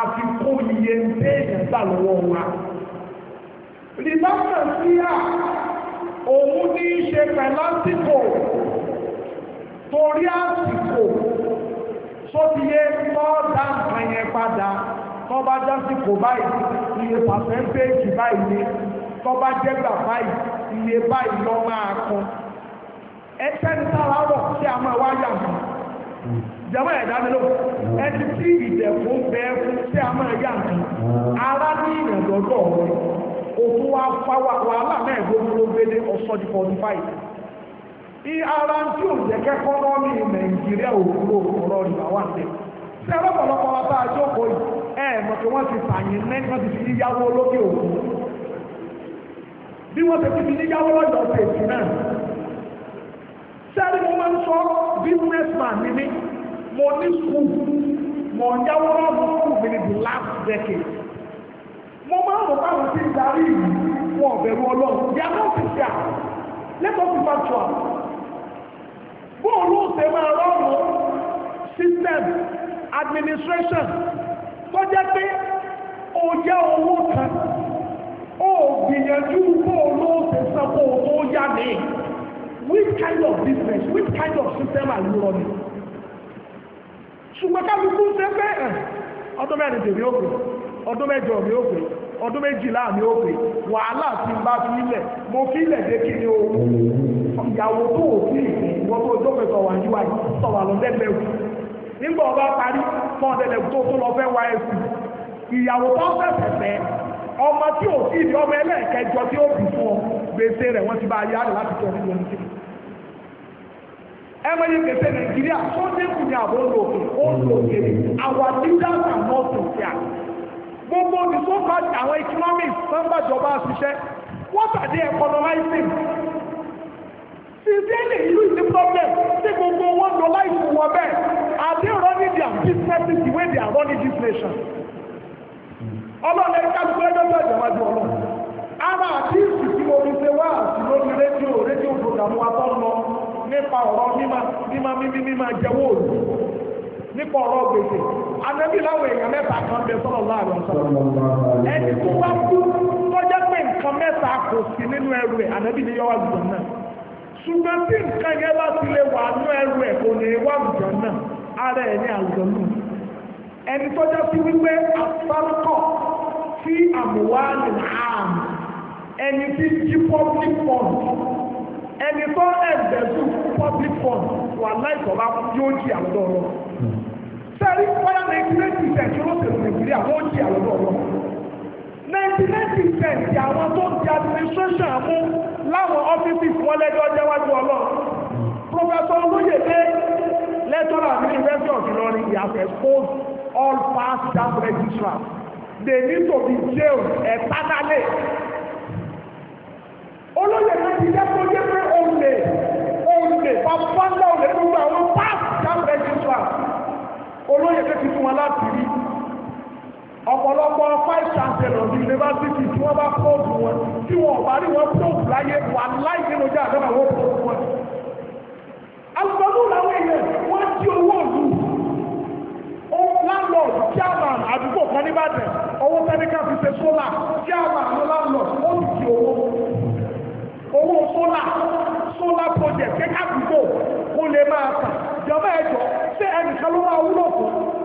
àfikún iye téèyàn gbà lọ́wọ́ wa rìlọ́sẹ̀ sí à òun ní í ṣe pẹ̀lásìkò torí àsìkò sóbiyé tọ́ọ̀dá nǹkan yẹn padà tó bá jásìkò báyìí iye pàṣẹ́ntéèjì báyìí ni tó bá jẹ́gbà báyìí iye báyìí lọ́ máa kan ẹsẹ́ ń sára rọ̀ sí àwọn ẹ̀wá yàgbọ́n jẹ́mọ́ ẹ̀dá mi ló ẹni tí ìdẹ̀kùn bẹ fún tí a máa yá nǹkan ara ní ìrìnàjọ́dọ̀ rẹ̀ òkú wa fáwà wàhálà náà gbogbo ló gbé ní ọ̀sọ́ di forty five ní ara tí ò jẹ́ kẹ́kọ́ náà ní nàìjíríà òkúrò ọ̀rọ̀ ìgbà wà tẹ̀ tí ẹ lọ́pọ̀lọpọ̀ wa bá a jókòó yìí ẹ mọ̀ pé wọ́n ti tàyìn náà wọ́n ti fi níyàwó lókè òkú bí wọ́n ti fi níyàwó lọ́jọ́ mo ní skul mo ń yáwó lọ́wọ́ skul mi the last decade mo máa ń rò báwọn tí ń darí ìlú wọn ọ̀bẹ̀rù ọlọ́run they are not sincere let us factual bóòlù ṣe máa rọrùn system administration tó jẹ́ pé ó jẹ́ owó kan ó gbìyànjú bóòlù ṣe sanwó owó yá ni which kind of business which kind of system are you running? ṣùgbọ́n kálukú ń ṣe pé ọdún mẹ́rin tèmi ó pè ọdún mẹ́jọ mi ó pè ọdún méjìlá mi ó pè wàhálà tí n bá fi ilẹ̀ mo fi ilẹ̀ dé kí ni o ìyàwó tó ò sí ìwọ́n tó tó pẹ̀tọ̀ wà yíwá yìí sọ̀wà lọ́dẹ́gbẹ̀rù nígbà ọba parí fọ́ọ̀dẹ̀lẹ̀kù tó tó lọ fẹ́ wá ẹ̀sìn ìyàwó tó fẹ̀fẹ̀ fẹ́ ọmọ tí ò sí ìdí ọmọ ẹlẹ́ẹ̀kẹjọ tí ó bì fún ọ gbèsè rẹ̀ wọ́n ti bá yára láti tọ́ ọdún 2023 enweghị nkete naijiria sọdekwu ni abụ ụlọ oke ụlọ oke leaders and not gbogbo the so called àwọn economics sọ́nbàjọba àṣìṣe what are they economizing sincerely ìlú isi problem tí gbogbo wọn lọ láìpẹ́ wọ bẹ́ẹ̀ are they di their businesses the way they are nation ọlọ́run ẹ̀ka gbogbo nípa ọ̀rọ̀ mímá mímá mímí mímá jẹ́wọ́ òòlù nípa ọ̀rọ̀ gbèsè anabi láwọn èèyàn mẹ́ta kan bẹ sọ́nà láàrin ọ̀sán ẹni tó bá kú tọ́jà pé nǹkan mẹ́ta kò sí nínú ẹrù rẹ̀ anabi ni yọ́wọ́ àgùjọ náà ṣùgbọ́n tí nǹkan yẹn bá ti lè wà nú ẹrù ẹ̀ kò ní wà àgùjọ náà ara ẹ̀ ní àgùjọ náà ẹni tọ́jà sí wípé àfárúkọ̀ sí àmúwá nìhàn ẹni tí jí ẹni tó ẹgbẹ̀rún public fund wà láìsọ̀ bá yóò jí àlọ́dọ̀ ọ̀rọ̀ sẹ́rí fọ́nà nàìjíríà ti tẹ̀ tí ó tẹ̀lé nàìjíríà wọ́n jí àlọ́dọ̀ ọ̀rọ̀ nàìjíríà ti tẹ̀ tí àwọn tó ti administration mú láwọn ọ́fíìsì fún ọlẹ́jọ́ jẹ́wájú ọlọ́ professor olóyèdè lecturer at university of Ilorin he has exposed all past staff registrars they need to be jailed eternally olóyè náà ti jẹ́ kó jẹ́ pé òun lè òun lè bàbá ńlá òun lè tó gba àwọn páàpù jáde jésù à olóyè náà ti fún wọn láti rí ọ̀pọ̀lọpọ̀ five chancellors university tí wọ́n bá pọ́ọ̀bù wọn tí wọ́n bá rí wọn pọ́ọ̀bù láyé wà láì nínú jẹ́ àdọ́bà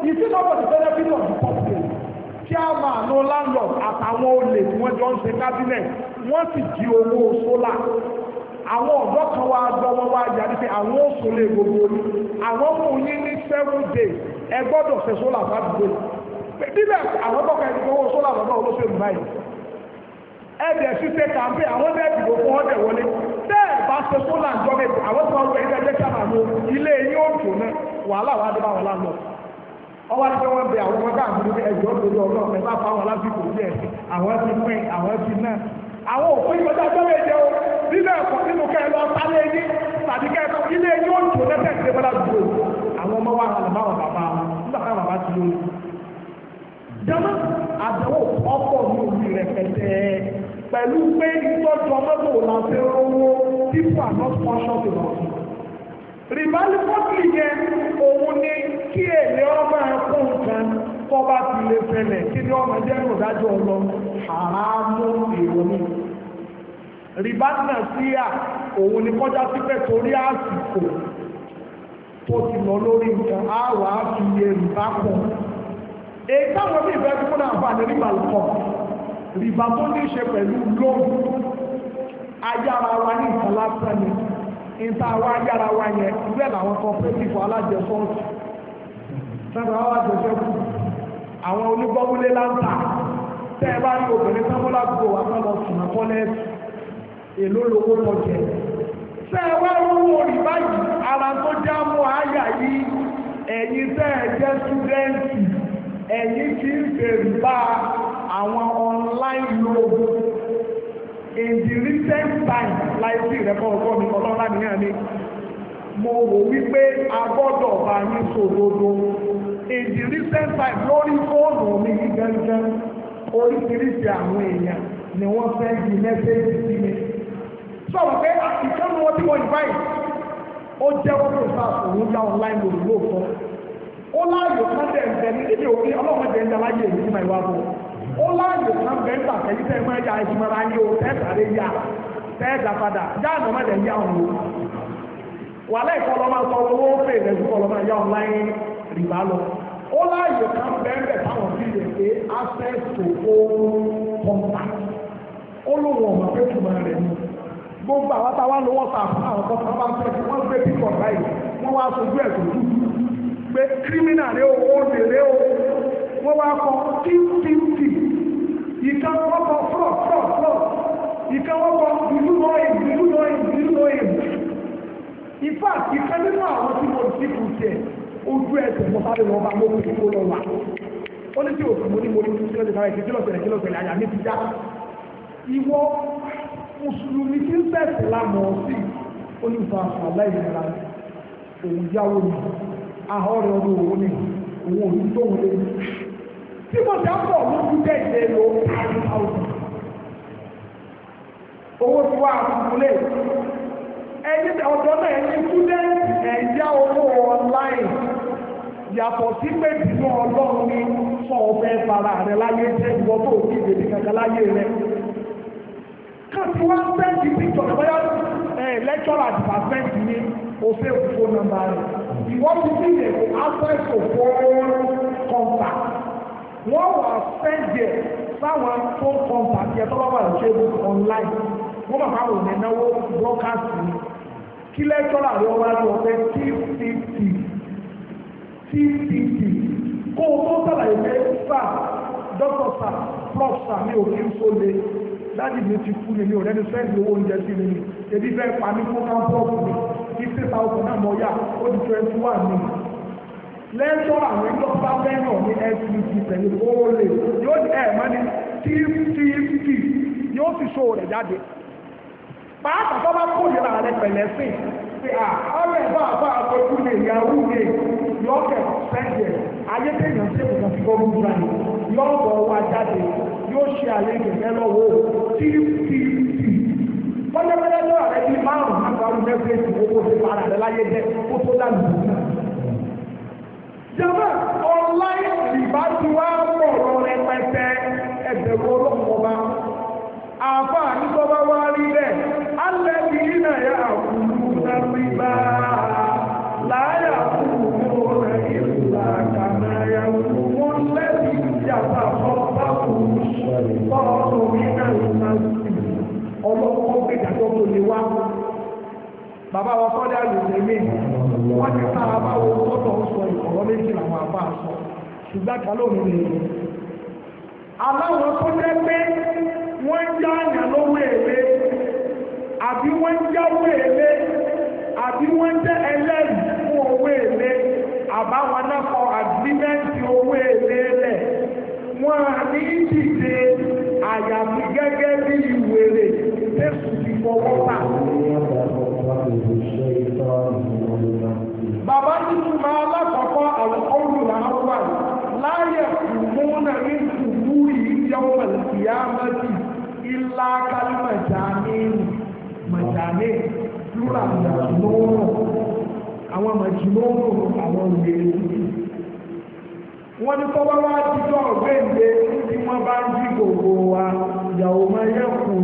You see nobody for the benefit of the public chairman no landlord àtàwọn olè wọn jọ ń ṣe cabinet wọ́n sì di owó sólà àwọn ọ̀dọ́ kan wá gbọ́wọ́ wá yàrá pé àwọn oṣù lè gbogbo ní àwọn fún yín ní seven days ẹ gbọ́dọ̀ ṣe solar, fàdúgbò níbẹ̀ àwọn bọ́kà ìdíkọwọ́ sólà bàbá olóṣèlú báyìí ẹ̀dẹ̀ ṣíṣe kàmpé àwọn ẹ̀dẹ̀ ìdìbò fún ọ̀dẹ̀ wọlé bẹ́ẹ̀ bá ṣe sólà ìjọba àwọn tó wà lóyún ẹgbẹ́ kí àwọn ilé yín ó jò náà wàhálà wà á dé bá wọn lánàá ọwọ́ àti wọn bẹ àwọn ọmọ káàkiri pé ẹ̀jọ́ lórí ọlọ́run ẹ̀ bá fáwọn lásìkò díẹ̀ àwọn ti pín àwọn ti náà àwọn òfin ìgbọ́dá tó lè jẹun nínú ẹ̀kọ́ nínú kẹ́ ẹ lọ sálé yín tàbí kẹ́ ẹ kọ́ ilé yóò tó lẹ́sẹ̀ tí wọ́n dàgbò àwọn ọmọ wa hàn báwọn bàbá nígbà táwọn bàbá ti lóyún. jama àdánwò ọkọ̀ ní omi rẹ̀ pẹ̀tẹ́ pẹ̀lú pé ìtọ́jú ọmọ tó rìbálì pọ́tìlì yẹn òun ní kí èlé ọmọ ẹ̀kọ́ nǹkan tó bá ti lè fẹlẹ̀ kí ni ọmọ jẹ́ ìrọ̀dájọ́ ọlọ àrámú ìrònú rìbálì náà sí à òun ní kọjá sípẹ́ torí àsìkò tó ti lọ lórí nǹkan àwọ̀ àfiyè rìbá pọ̀ èyí táwọn ní ìfẹ́ fún náà fà ní rìbálì pọ̀ rìbá tó ní ṣe pẹ̀lú lóòrùn ayára wa ní ìtàlásán ni ìta wa yára wa yẹn bẹ́ẹ̀ làwọn cooperative alájẹsọ́ọ̀tì sábà wà jẹsẹ́kù àwọn onígbọ́wúlé láńtà tẹ́ ẹ bá rí obìnrin sábọ́lá gbogbo wa bá lọ sùn àkọ́lẹ́ẹ̀tì èló lówó lọ jẹ tẹ́ ẹ wá rówó rí báyìí ara tó já mú àyà yìí ẹ̀yin tẹ́ ẹ jẹ́ súdẹ́ǹtì ẹ̀yin kì í fèrè bá àwọn online loan in the recent time láìsí ìrẹ́pọ̀ ọgbọ́n mi ọlọ́lá mi náà ni mo wò wípé a gbọ́dọ̀ bá yín sòdodo in the recent time lórí fóònù mi yí gángan oríṣiríṣi àwọn èèyàn ni wọ́n fẹ́ di mẹ́sẹ́ẹ̀jì sí mi sọ̀rọ̀ pé ìkànnì wọn tí wọ́n yìí báyìí ó jẹ́ wọ́n tó sá òun yá online lòdì lóòótọ́ ó láàyò kọ́ńtẹ̀ ń bẹ ní ilé òfin ọlọ́mọdé ń daláyé èyí tí màá wá bọ̀ ó láàyè kan bẹ́ńgbà kẹ́yí tẹ́ máa ya ìsúnmọ́ra ní o tẹ́sàrẹ́ yá tẹ́ẹ̀dà padà jáàdà má dẹ̀ yá òun wà lẹ́ẹ̀kọ́ lọ́mọ sọ owó fè rẹ̀ sùkọ́ lọ́mọ yá òun láyé rìbá lọ ó láàyè kan bẹ́ńgbẹ̀ táwọn fi lè pé access to own contact ó lóun ọ̀mọ̀ pé tùmọ̀ rẹ̀ ni gbogbo àwọn táwa ń lo wọ́sàpù àwọn kan tó bá ń fẹ́ wọ́n gbé pípọ̀ báyìí wọ́n wá sojú ẹ̀ tó dúdú pé kírímínà rẹ̀ ó ó lè rẹ̀ ó wọ́n wá kọ tíntìntì ìkan wọ́pọ̀ fọ́ fọ́ fọ́ ìkan wọ́pọ̀ ìlú lọ́yìn ìlú lọ́yìn ìlú lọ́yìn ìfà ìkan nínú àwọn tí mo ti kù tẹ̀ ojú ẹsẹ̀ mo sáré lọ bá lórí ìfowó lọ wà ó ní tí òkú mo ní mo ní kí lọ́sẹ̀ sáré kí lọ́sẹ̀ kí lọ́sẹ̀ àyà mi ti já ìwọ mùsùlùmí tí ń bẹ̀sẹ̀ lámọ̀ sí ó ní fa aláìlera òun yáwó ni ahọ́rẹ́ ọdún òun ni òun òun tó ń lé tí mo dá pọ̀ ló kú dé ìdè lo five thousand owó tí wàá kúlé ẹ̀yin ọ̀dọ́ náà ẹ̀yin kú dé ẹ̀yà owó online yàtọ̀ sí pé bínú ọlọ́run ni sọ ọ̀fẹ́ fara rẹ láyé jẹ́ ìwọ tó kí ìdèdè kankan láyé rẹ káàkiri wá sẹ́ǹtì píktọ̀ bóyá lẹ́kṣọ́rà àdìbà sẹ́ǹtì ni o fẹ́ òfófó nọ́mbà rẹ̀ ìwọ́n ti bí ìyẹ̀kọ́ access to foreign contact wọ́n wà fẹ́jẹ̀ sáwọn phone contact yẹn tó bá wà lóṣèlú online wọ́n bàbá wò ní náwó broadcast ni kí lẹ́tọ́ làwọn wá lọ pé tpt tpt kó o tó sàlàyé pé sà dókítà sà prof sà mi ò kí n so le láti mi ti kú ni mi ò rẹ́ni fẹ́ẹ́ lówó oúnjẹ sí mi ebi fẹ́ẹ́ pa mí fún káńpọ́ọ̀kù mi kí sèta ọkọ̀ náà mọ̀ yá ó di twenty one mi lẹ́tọ́ àwọn ẹjọ́ bá fẹ́ràn ní fct pẹ̀lú oòlè yóò ní ẹ̀mọ́ ní tft yóò fi ṣó rẹ̀ jáde pàápàá tó bá kó ìlera rẹ̀ pẹ̀lẹ́ sí pé à ọ̀rọ̀ ẹ̀ bá bá àtọ́jú lè yàwó lè lọ́kẹ̀ sẹ́jẹ̀ ayédèyàn sí ìpínlẹ̀ fi gbọ́ gbogbo rẹ̀ yọ̀bọ̀ wa jáde yóò ṣe àlejò ẹ̀ lọ́wọ́ tft wọ́n lé pẹ́lẹ́ lọ́rọ̀ rẹ̀ bíi márùn-ún àgbà jama ọlá ìbájúwá pọ̀rọ̀ rẹpẹtẹ ẹgbẹ̀rún ọlọ́mọba àfà nígbọ́bá wá rí rẹ̀ alẹ́bí náà yà àkùnú lẹ́rí bá láyà kúrò rẹ̀ ìlà kànáyà wọ́n lẹ́bí yàtà ọ̀pá kùnú ọ̀rọ̀ bàbá wa fọ́dá àlùfẹ́ mi wọ́n ti ta àbáwo tọ́tọ̀ ń sọ ìkọ̀rọ̀ méjì làwọn àbá sọ ṣùgbọ́n kálọ̀ mi lè rí. aláwọ̀ tó jẹ́ pé wọ́n ń já àyàn lówó èlé àbí wọ́n ń jáwó èlé àbí wọ́n ń jẹ́ ẹlẹ́rìí fún owó èlé àbáwọn náà kọ àgbímẹ́ǹtì owó èlé rẹ̀ wọ́n ní ìdíje àyàfi gẹ́gẹ́ bí ìwèrè tẹ̀sùn ti fọwọ́ pa. Bàbá ní ìtumọ̀ alákọ̀ọ́kọ́ àwọn ọ̀rùn àwọ̀wà láyẹ̀ ìmúnà ní ìtùkú ìyíjẹ́ ọmọ ìyá mẹ́tì ilá kálí mẹ̀jánínì mẹ̀jánínì lúra mẹ̀jánínì àwọn mẹ̀jánínì àwọn òye wọ́n ní tọ́wọ́ wá jíjọ́ ọ̀gbẹ́ ìgbé tí wọ́n bá ń jí gbogbo wa ìyàwó máa yẹ kùn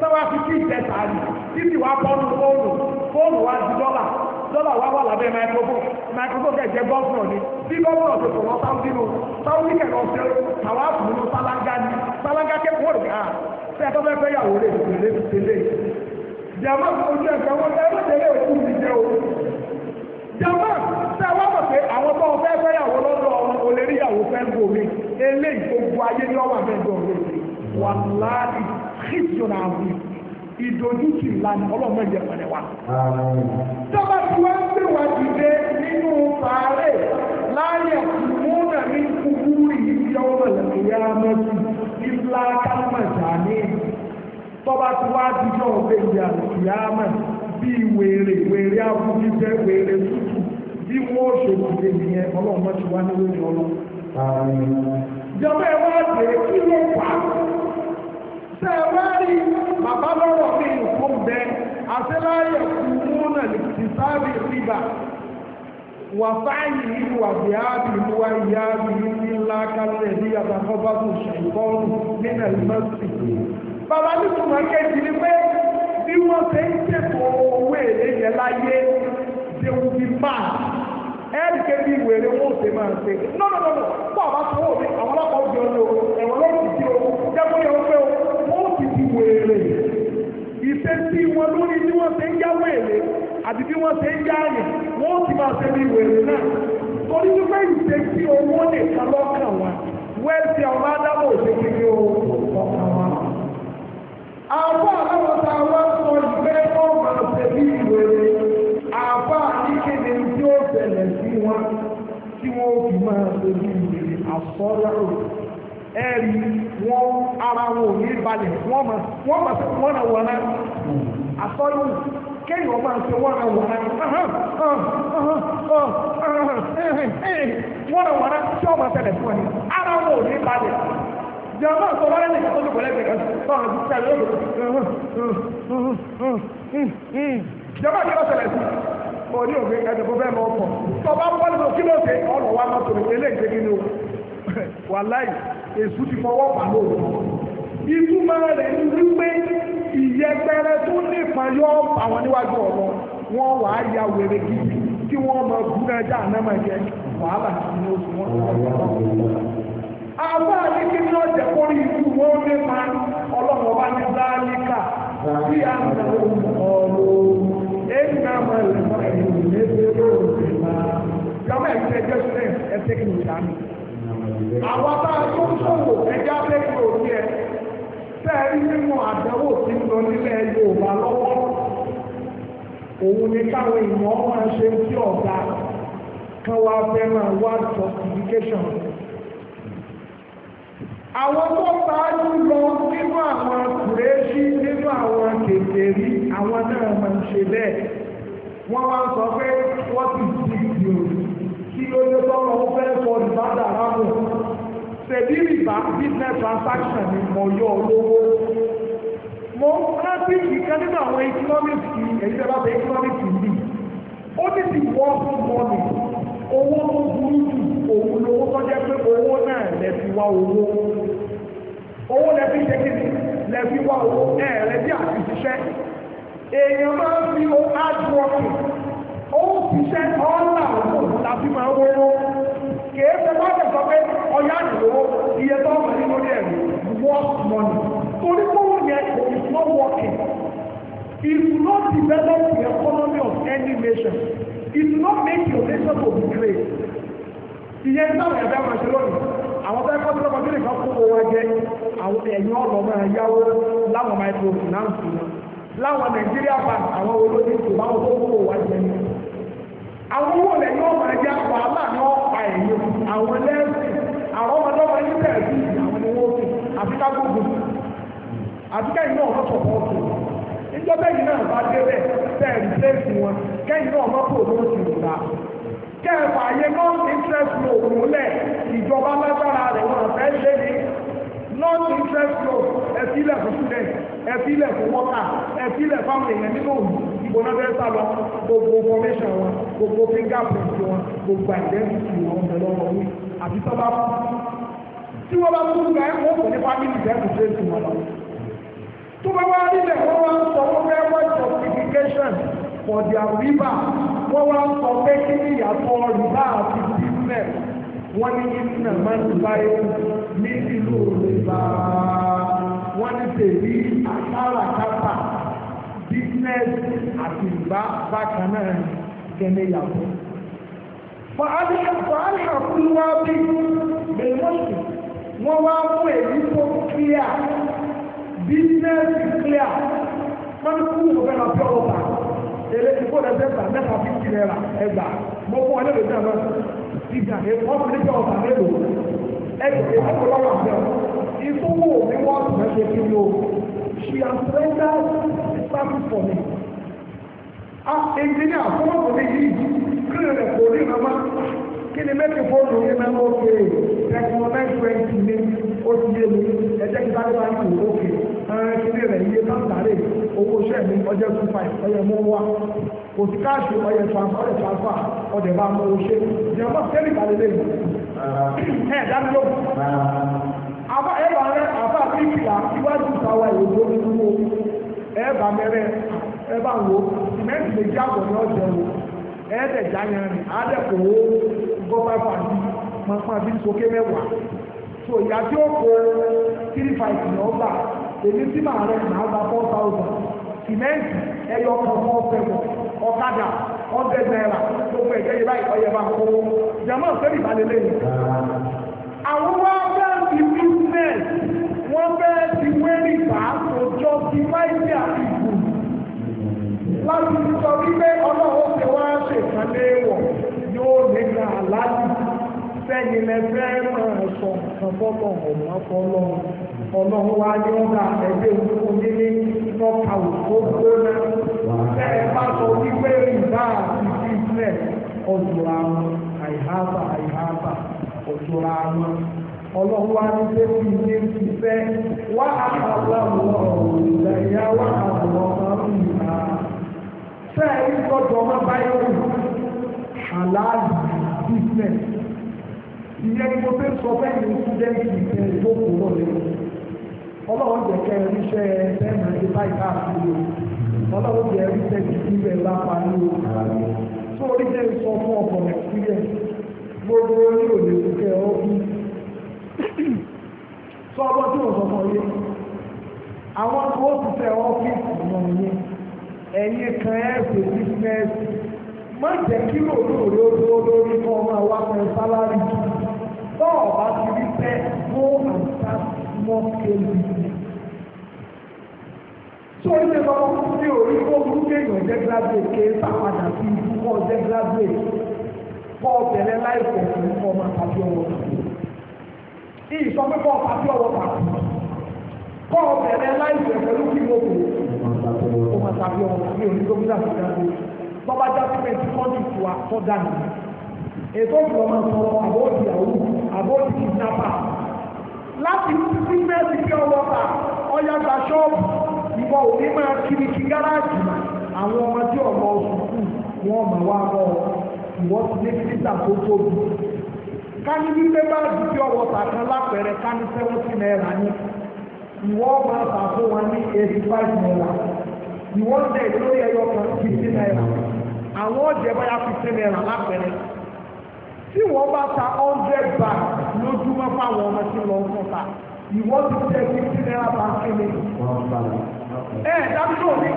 tọ́wọ́ fi kí ìjẹta rí títí wá bọ́ọ̀nù fóònù fóònù wá di dọ́là dọ́là wá wà lábẹ́ microphone microphone kẹ̀jẹ́ gọ́ọ̀nù ni bí gọ́ọ̀nù ọ̀sẹ̀ tó wọ́n sáwọ́ nínú sáwọ́ níkẹ̀ lọ sí àwọn àbúrò sálángá ni sálángá kẹ́kọ̀ọ́ rẹ̀ à ṣé ẹ tọ́fẹ́ fẹ́ yàwó rẹ̀ lè fi tẹ́lẹ̀ jàmá ojú ẹ̀fẹ́ wọn ẹ má tẹ́lẹ̀ òkú mi jẹ́ o jàmá ṣé wọ́n mọ̀ pé àwọn tó fẹ́ fẹ́ yàwó lọ́dọ̀ olérí yàwó fẹ́ gbòmí eléyìí gbogbo ayé ni wọ́n wà fẹ́ gbòmí wàláì àkíyèsí náà wù ìdójútì ìlànà ọlọ́mọ ìjẹ pẹ̀lẹ́ wa. Tọ́ba tí wọ́n ń gbé wa dìde nínú sàárè láàyè múnà ní kúkú ìyíbi ọmọ ìyá mọ́tò ìlà kámọ̀jà ní. Tọ́ba tí wọ́n á dìde ọ̀gbẹ́ ìyá ìyá mọ̀ bí wèrè wèrè abúlé jẹ́ wèrè tútù bí wọ́n ṣe dìde nìyẹn ọlọ́mọ ti wá nílé ọlọ́. Ìjọba ẹ̀ wá dé kí ló pa á ṣe ẹ wá rí bàbá lọ́wọ́ mi nǹkan bẹ àṣẹláyẹ̀ kúmú náà lè ti sáré rìbà wà fáyì nínú àbí ábì ìlú wa ìyá ábì ní ńlá kálẹ̀ ní àtàkọ́bàbù ṣàìkọ́ọ̀nù nínú ẹ̀lẹ́mẹ́sì bàbá nítorí kejì ni pé bí wọ́n ṣe ń ṣètò owó èlé yẹn láyé déwu bí máa ẹ̀ẹ́dì kébí wèrè wọ́n ṣe máa ṣe nọ́nọ́nọ́nọ́ pọ̀ bá sanwó mi àwọn ọlọ́pàá ó di ọ̀nà ẹ̀wọ̀n lọ́sì bu èrè iṣẹ́ tí wọn lórí tí wọ́n ṣe ń yáwó èrè àti bí wọ́n ṣe ń yá àyè wọ́n ti máa ṣe bí wèrè náà torí wípé ìṣe tí owó nìkan lọ́kàn wa wẹ́ẹ̀sì ọmọ adáwò ṣe kí ni o ọkàn wa. àwọn aláwọ̀ tá a wá sọ ìgbẹ́ wọn máa ṣe bí wèrè àbá àdíkéde tí ó ṣẹlẹ̀ sí wọn tí wọ́n fi máa ṣe bí wèrè ẹ̀rí wọn ara wọn ò ní balẹ̀ wọ́n mọ̀ wọ́n mọ̀ sí wọ́n náà wọ̀nà àtọ́lù kéèyàn máa ṣe wọ́n náà wọ̀nà wọ́n náà wọ̀nà tí wọ́n máa tẹ̀lẹ̀ fún ẹni ara wọn ò ní balẹ̀ jọba sọ wọ́n lẹ́yìn tó dùkọ̀ lẹ́gbẹ̀ẹ́ kan tó àwọn ti tẹ̀lé olùkọ́ jọba kí ló ṣẹlẹ̀ sí òní ògbé ẹ̀dùnkú bẹ́ẹ̀ mọ́ ọkọ̀ tọba wọ́n lọ kí ló ṣe ọ̀nà wa mọ́tò eléyìí èsù ti fọwọ́ bà lóòrùn ìtumọ̀ rẹ̀ ń wípé ìyẹpẹrẹ tó nípa yọ àwọn níwájú ọ̀rọ̀ wọn wà á ya wèrè gidi tí wọ́n mọ gúnájà ànámọ̀ jẹ wàhálà sí ní oṣù wọn àwọn àlékè ọ̀jẹ̀ kórí ìlú wọn ó nípa ọlọ́run ọba ní dáálíkà bí a ń lọ ọ̀rọ̀ èyí náà máa lè mọ ẹ̀yìn ní ẹgbẹ́ lóòrùn ìlú máa àwọn bá tó ń sòwò ẹjá bẹ́ẹ̀ kò ní ẹ sẹ́ẹ̀rí nínú àdánwò tí ń lọ nílẹ̀ Yorùbá lọ́wọ́ òun ni káwọn èèyàn máa ṣe tí ọ̀gá kan wá fẹ́ràn word justification àwọn tó sáájú lọ nínú àwọn kùrẹ́sì nínú àwọn kèkèrí àwọn náà máa ń ṣe bẹ́ẹ̀ wọ́n wá sọ pé what is this news ló lé tọ́lọ ó fẹ́ sọ rìbá dàrá mọ̀ ṣèbí rìbá business transaction ni mo yọ olówó mo rántí ìkan nínú àwọn economics èyí tẹ́ bá fẹ́ economics yìí ó ní ti wọ́n fún mọ́nì owó tó burú jù òun lówó tó jẹ́ pé owó náà lẹ fi wá owó owó lẹ fi ṣe kìnnì lẹ fi wá owó ẹ̀ẹ́rẹ́ bí àti ṣiṣẹ́ èèyàn máa ń fi hard working ó ń ṣiṣẹ́ ọ́nà òkú láti máa wọ́wọ́ kìí ṣe bá tẹ̀sọ́ pé ọ̀yá ìlówó iye tó wà nínú ní ẹ̀rù work money torí kówó yẹn kò ní no working it will not develop the economy of any nation it will not make your nation to be great ìyẹn táwọn ẹ̀dá máa ṣe lónìí àwọn tó ẹ̀kọ́ tó lọ́kọ́ tó lè fọ́ kó owó jẹ àwọn ẹ̀yìn ọ̀nà máa yáwó láwọn microfinance láwọn Nàìjíríà bank àwọn olóyè tó bá wọn kó owó wá jẹ àwọn owó rẹ̀ yóò máa já wàhálà ní ọ̀pá ẹ̀yìn àwọn ẹlẹ́sìn àwọn ọmọdọ́mọ yìí bẹ̀rẹ̀ sí àwọn owó òkè àfikà gbogbo àfikà yìí náà lọ́sọ̀ pọ̀ tó níjọ́ bẹ́yìn náà bá débẹ̀ bẹ́ẹ̀ rí sẹ́ẹ̀sì wọn kẹ́yìn náà mọ́ pò lóòsì ìgbà kẹfà ayé non interest loan múlẹ̀ ìjọba lágbára rẹ̀ wọn fẹ́ lé ní non interest loan ẹ̀fílẹ̀ fún student ẹ̀fílẹ̀ fún worker ẹ̀fílẹ̀ family, èèyàn nínú òun ibo náà fẹ́ sá lọ gbogbo formation wọn gbogbo fingerprint wọn gbogbo identity wọn bẹ̀ lọ́wọ́ wí àbí tó bá kú tí wọ́n bá kú gbà ẹ́ wọ́n kò ní family bẹ́ẹ̀ kò tẹ́sí wọn lọ. tó bá wá nílẹ̀ wọ́n wá ń sọ wọ́n fẹ́ wọ́n justification for their river wọ́n wá ń sọ pé kí ni ìyàtọ̀ rìbá àti business wọ́n ní ìnà máa ń báyé ní ìlú rìbá wọ́n ní tèmi àtàràkátà bísínẹ́sì àti ìbá bákan náà kẹ́lẹ́ yàtọ̀. fàálì àkúrúwá bí bèmọ́sì wọ́n wá mú èyí tó clear bísínẹ́sì clear wọ́n ní kúrú òfin àti ọ̀tà èlé ìfọ̀ rẹ̀ bẹ́ẹ̀ bá mẹ́ta fífi rẹ̀ rà ẹgbà mo fún ọlẹ́rìí náà lọ ìgbà èèyàn wọ́n fi ní bí ọ̀tà mélòó ẹgbẹ̀rún ọ̀pọ̀lọpọ̀ àbẹ̀wò ìfowó mi wọ́n ti mẹ́ta fi ní o she has rendered service for me. Engineer, fún ọkùnrin yìí, kí ni rẹ̀ kò rí màmá? Kí ni mẹ́tì fóònù yìí máa ń ókè? Tẹ̀kùn nine twenty ní ó ti yé mi, ẹ̀jẹ̀ kí sáré máa ń kù ókè. Ẹ̀rẹ́ kí ni rẹ̀ yé sáńtàrè owó iṣẹ́ mi ọjọ́ two five ọyẹ mú wá. Kò sí káàṣì ọyẹ transfer ọyẹ transfer ọdẹ bá mú owó ṣe. Ìjọba tẹ́lẹ̀ ìgbàlódé yìí. Ẹ̀ àbá ẹ̀bà rẹ àbá pípìlà iwájú ìtawà ìwòwò nínú ẹ̀bà mẹrẹ ẹ̀bà wo sìmẹ́ntì lè jẹ́ àbọ̀ ní ọ̀jẹ̀ wo ẹ̀ẹ́dẹ̀ jáyà ni àádẹ́kọ̀ owó gọ́gbà fàájì pàápàá bí sókè mẹ́wàá ìyá tí ó kó three five èmi tí màá gba four thousand sìmẹ́ntì ẹ̀yọ ọ̀kadà business wọ́n bẹ́ẹ̀ ti wérí bá òjò ti máìsí àbíkù láti sọ wípé ọlọ́wọ́ ti wá ṣèkànnì wọ̀ yóò nígbà láti sẹ́yìn lẹ́fẹ́ máa sọ nǹkan fọ́lọ̀ ọ̀nà fọ́lọ́ ọlọ́run wá ní ọ̀gá ẹgbẹ́ òkú nílé tọ́ka òkú gbóná ẹ bá sọ wípé ìgbà àti bísíǹnẹ̀ ọ̀dùnrà wọn àìhábà àìhábà ọ̀dùnrà wọn ọlọ́run wá ní pé kí ilé ti fẹ́ wá àwọn ọ̀rọ̀ ìgbà ìyá wá àwọn ọmọ ìhà fẹ́ẹ̀ ń gbọ́dọ̀ ọmọ báyọ̀ àlàálì bísẹ̀ ìyẹn ni mo fẹ́ sọ bẹ́ẹ̀ ni sídẹ́ǹtì ìfẹ́ ìgbókòó rẹ̀ ọlọ́run jẹ́ kẹ́ ríṣẹ́ bẹ́ẹ̀mà ní báyìí káàkiri ọlọ́run jẹ́ ríṣẹ́ ìdílé lápá ní o tó oríṣẹ́ sọ fún ọkọ̀ nàìjíríà gbogbo ní òde kúkẹ́ ọ́fíìsì sọ ọgbọ́n tí mo sọ fún yé àwọn ti tẹ ọ́fíìsì yé kan ẹ̀ bísínẹ́sì má jẹ́ kí lòlóòrò tó lórí kọ́ máa wá sálárì bá ti rí pẹ́ go and start small scale lọ orí kéèyàn jẹ́ sí ikú kọ́ jẹ́ kọ́ láìpẹ́ fún ní ìsọpẹ́kọ̀ ọ̀pá tí ọwọ́ ta kọ́ ọ̀bẹ̀rẹ̀ láìpẹ́ pẹ̀lú kí mo kò ó máa tàbí ọmọ mi ò ní gómìnà sí dáko bọ́bá já sí pé tí wọ́n ti tù wá tó dànù ètò ìlú ọmọ sọ̀rọ̀ àbóòdì àwù àbóòdì kìdínápà láti sí mẹ́sì kí ọwọ́ ta ọyá gba ṣọ́ọ̀bù ìwọ òní máa kiri kí gáràjì àwọn ọmọ tí ọmọ sùkúù wọn máa wá bọ̀ ìwọ ti lé kí ká ní wípé bá dùdú ọwọ́ tàkan lápẹẹrẹ ká ní seventy naira ní ìwọ máa tà fún wọn ní eighty five naira ìwọ ń dẹ̀ lórí ẹyọ kan fifty naira àwọn ọ̀jẹ̀ báyà fifty naira lápẹẹrẹ tí wọ́n bá ta hundred bag lójúmọ́ fáwọn ọmọ tí lọ ń kọta ìwọ́n ti tẹ fifty naira bá kéde. ẹ ẹ dábìlò ní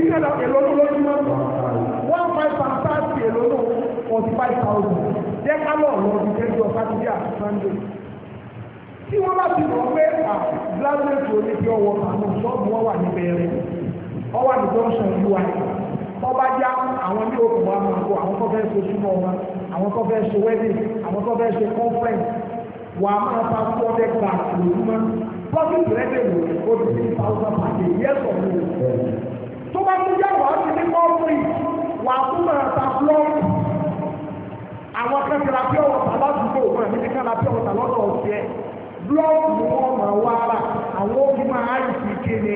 ìṣẹ̀lẹ̀ èlò lójúmọ́ one five thousand, thirty èlò náà forty five thousand jẹ́ ká lọ lọ bí jẹ́jọ́ sátidé àti sànńdé tí wọ́n bá ti mọ̀ pé à gíláàsì òní ti ọwọ́ àwọn ṣọ́ọ̀bù wọn wà níbẹ̀ rẹ̀ ọwọ́ àti jọ́ǹsọ̀n yìí wà ní ọba já àwọn ní òkú wa máa kó àwọn tó fẹ́ ṣe súnmọ́ wọn àwọn tó fẹ́ ṣe wedding àwọn tó fẹ́ ṣe conference wà á máa fa fọ́ọ̀dẹ́ gbà lòlúmọ́ profit revenue ó ti three thousand per day yes or no tó bá tún yá wàá ti ní kọ́ọ̀fù wàá tún máa ta flọ́ọ̀mù àwọn kẹsìlá bí ọwọ́ tàbá dùgbò wọn ní kẹsìlá bí ọwọ́ tàbá lọ́dọ̀ ọ̀sẹ̀ blọọkù wọn mà wá ara àwọn òbí máa ń fi kéde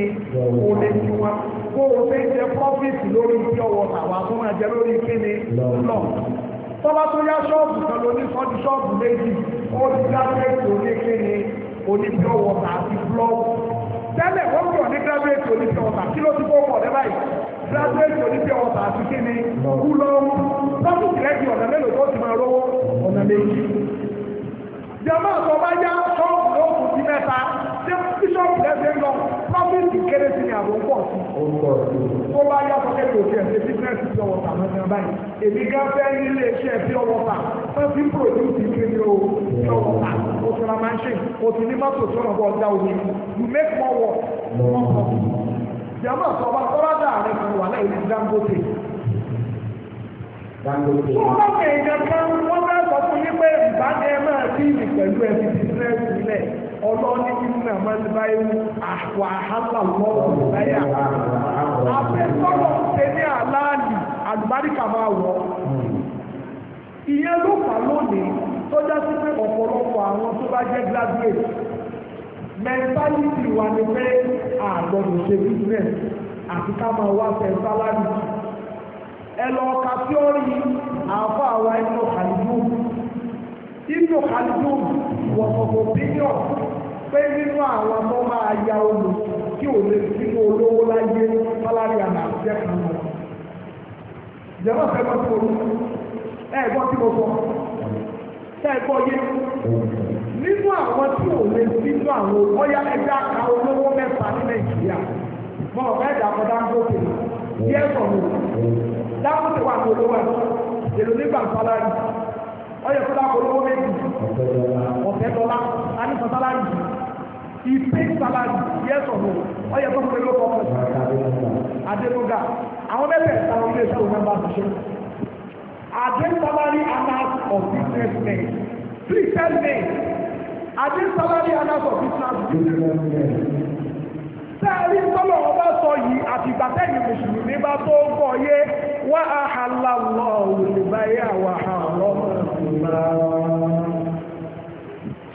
òde tí wọn kó o fẹ́ jẹ pọ́fíìsì lórí bí ọwọ́ tàwa tó máa jẹ lórí kéde lọ tọ́lá tó yá ṣọ́ọ̀bù kan lóní sọ́ọ̀dù ṣọ́ọ̀bù méjì ó ti dá pẹ́ẹ́tì oníkéde oníbíọ̀wọ̀ tàbí blọọkù tẹ́lẹ̀ wọ́n gbọ̀ ní gírẹ́bẹ̀ẹ́tì oníbíọ̀wọ̀ tàbí kí ló ti kó pọ̀ graduate oníṣẹ́ ọ̀sà àti kíni kú lọ́wọ́ lọ́dún kìlẹ́kì ọ̀nà mélòó tó ti máa rówó ọ̀nà méjì. jama àtọ́bá yá ṣọ́ọ̀bù ló kù sí mẹ́ta ṣé bíṣọ́ọ̀bù lẹ́sẹ̀ ń lọ pọ́fíìsì kéré sí ni àbò ń pọ̀ sí. tó bá yá sọ kékeré òkè ẹ̀sẹ̀ bísíǹsì bí ọwọ́ tàbí ọjà báyìí èmi gan fẹ́ ní ilé iṣẹ́ bí ọwọ́ tà wọ́n ti ń pòdúsì kíni o bí ọwọ́ tà o ti ra máa ń ṣe o ti ní mọ́tò tó lọ́ bọ́ ọjà òní you make more work more profit jama sọba sọba dáàrin fún wa náà ìlú Dangote Dangote wọn bá mi ìyẹn kan wọn bá sọ fún yín pé ìbáde ẹ máa bí ìlú pẹ̀lú ẹbí bísínẹ́sì sílẹ̀ ọlọ́ọ̀ni nínú àmọ́ ní báyìí àwọn àhálà lọ́wọ́ láyà àfẹ́sọ́rọ̀ ṣe ní àlàálì àlùbáríkà máa wọ̀ hmm. ìyẹn ló fà lónìí tó já sí pé ọ̀pọ̀lọpọ̀ àwọn tó bá jẹ́ graduate mẹ́ntálítì wa ni pé àgbọ̀dọ̀ ṣe business àti ká máa wá fẹ́ sálárì ẹ lọ ka tí ó rí àfọ àwa inú inú wọ̀sọ̀kọ̀ bílíọ̀ pé nínú àwọn ọmọ máa ya olù tí ò lè sínú olówó láyé sálárì àná àti fẹ́ ẹ̀ gbọ́ Ṣẹ́gbọ́ yé. Nínú àwọn tí ò lè sínú àwọn bóyá ẹgbẹ́ àká olówó mẹ́ta ní Nàìjíríà. Mọ ọ̀gá ẹ̀dá kan Dangote. Díẹ̀ sọ̀rọ̀. Dangote wà ní olówó ẹ̀. Èlò nígbà sálárì. Ọyọ̀ fúnra olówó méjì. Ọ̀fẹ́ dọ́là. A ní sọ sálárì. Ìpé sálárì. Díẹ̀ sọ̀rọ̀. Ọyọ̀ tó fún mi ló kọ́ Adégbóga. Àwọn mẹ́tẹ̀ẹ̀ta ilé iṣẹ́ òun náà bá ṣiṣẹ́. Are there salary amounts of businessmen? Please tell me. Are there salary amounts of businessmen? Sẹ́ẹ̀rí sọ́lọ̀ ọba sọ yìí àti ìgbàtẹ́yìn Mùsùlùmí bá tó ń bọ̀ yé wá àhàlà lọ òwúrò báyé àwọn àhàlọ́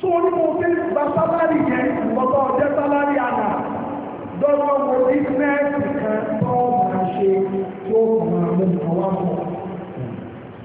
tó ní mo fẹ́ gba sálárì yẹn ọ̀tọ̀ ọ̀jẹ́ sálárì àná dọ́gbọ́n wo bísínẹ́sì kan tó máa ṣe tó máa mú àwọn àmọ́.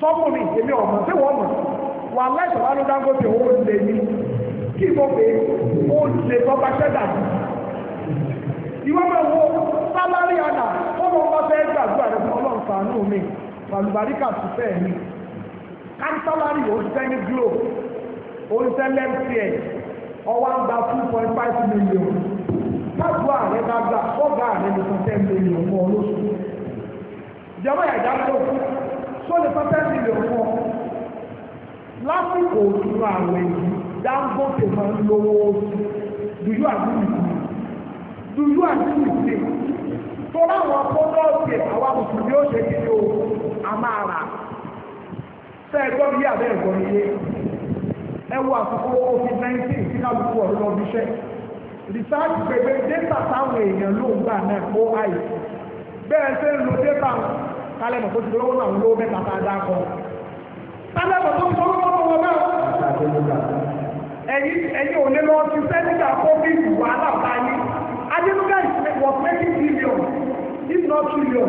sọ́kùnrin èmi ọ̀mọ̀ tí wọ́n mọ̀ wà láìsọ̀ wá ló Dangote ó lè ní kí mo pè ó lè bọ́ba ṣẹ́dà jù ìwọ́n máa wo sálárì àná ó mọ̀ bá fẹ́ gbàgbọ́ àrẹ fún ọlọ́run sàánú mi pàlùbáríkà tó fẹ́ mi kánsálárì ó ṣiṣẹ́ ní glo ó ṣiṣẹ́ lẹ́mtn ọwọ́ ń gba two point five million kájú ààrẹ bá gbà ọgá ààrẹ ló sọ ten million mọ́ ọ lóṣù jọ̀wọ́ yàrá tó tó lè fẹ́ fẹ́ nílò fún ọ lásìkò òtún àwọn èyí Dangote máa ń lówó oṣù dùyú àdúgbò dùyú àdúgbò ìṣe tó láwọn pọ́ńdọ́ọ̀tì àwọn mùsùlùmí ó ṣe kíni o a máa rà sẹ́ẹ̀gbọ́n mi yà bẹ́ẹ̀ gbọ́n yé ẹ wo àkókò covid nineteen tí kálukú ọ̀dọ́ lọ́ọ́ fi ṣẹ́ rìsáàtì pẹ̀lú data táwọn èèyàn ló ń gbà náà ó àìsí bẹ́ẹ̀ ṣe ń lo data kálẹ̀ mọ̀ tó ti lọ́wọ́ náà lówó mẹ́ta tá a dá kọ. kálẹ̀ tó ti lọ́wọ́ náà wọ bẹ́ẹ̀. ẹ̀yin ò lè lọ ti sẹ́ńtítà covid wàhálà bá wọ̀ twenty billion if not trillion.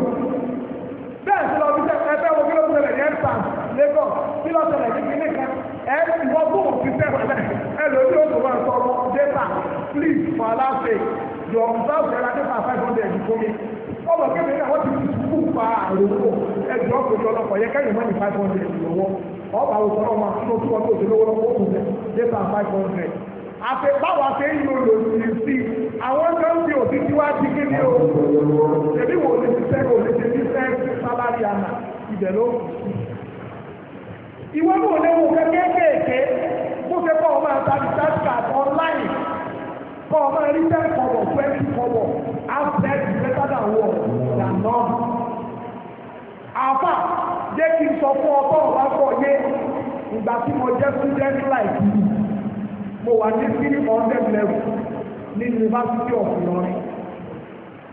bẹ́ẹ̀ sí please for our sake your observe the data five fa àròwò ẹgbẹ́ ọ̀pọ̀lọpọ̀ ọlọ́pọ̀ yẹ kẹ́yìn mọ́ni five hundred lọ́wọ́ ọba àwòsọ náà máa tún tún ọdún òṣèlú owó lọ́wọ́ òkùn rẹ̀ dẹ́ta five hundred. àti báwa ṣe ń lo lòlùyè sí àwọn tó ń fi òsì wá sí kéde o èmi wò lè ti sẹ́kọ̀ lè ti sẹ́ sálárì àná ibẹ̀ ló kù sí. ìwọ ní òde wò kékèké bó ṣe kọ́ ọmọ àtàlì táṣà online kọ́ ọmọ rí ten kọ̀wọ̀ twenty kọ̀wọ̀ outlet better than one than none àfà jẹ́ kí n sọ fún ọkọ̀ ọ̀pọ̀ yé ìgbà tí mo jẹ́ student life mo wà ní three hundred level ní University of Ilorin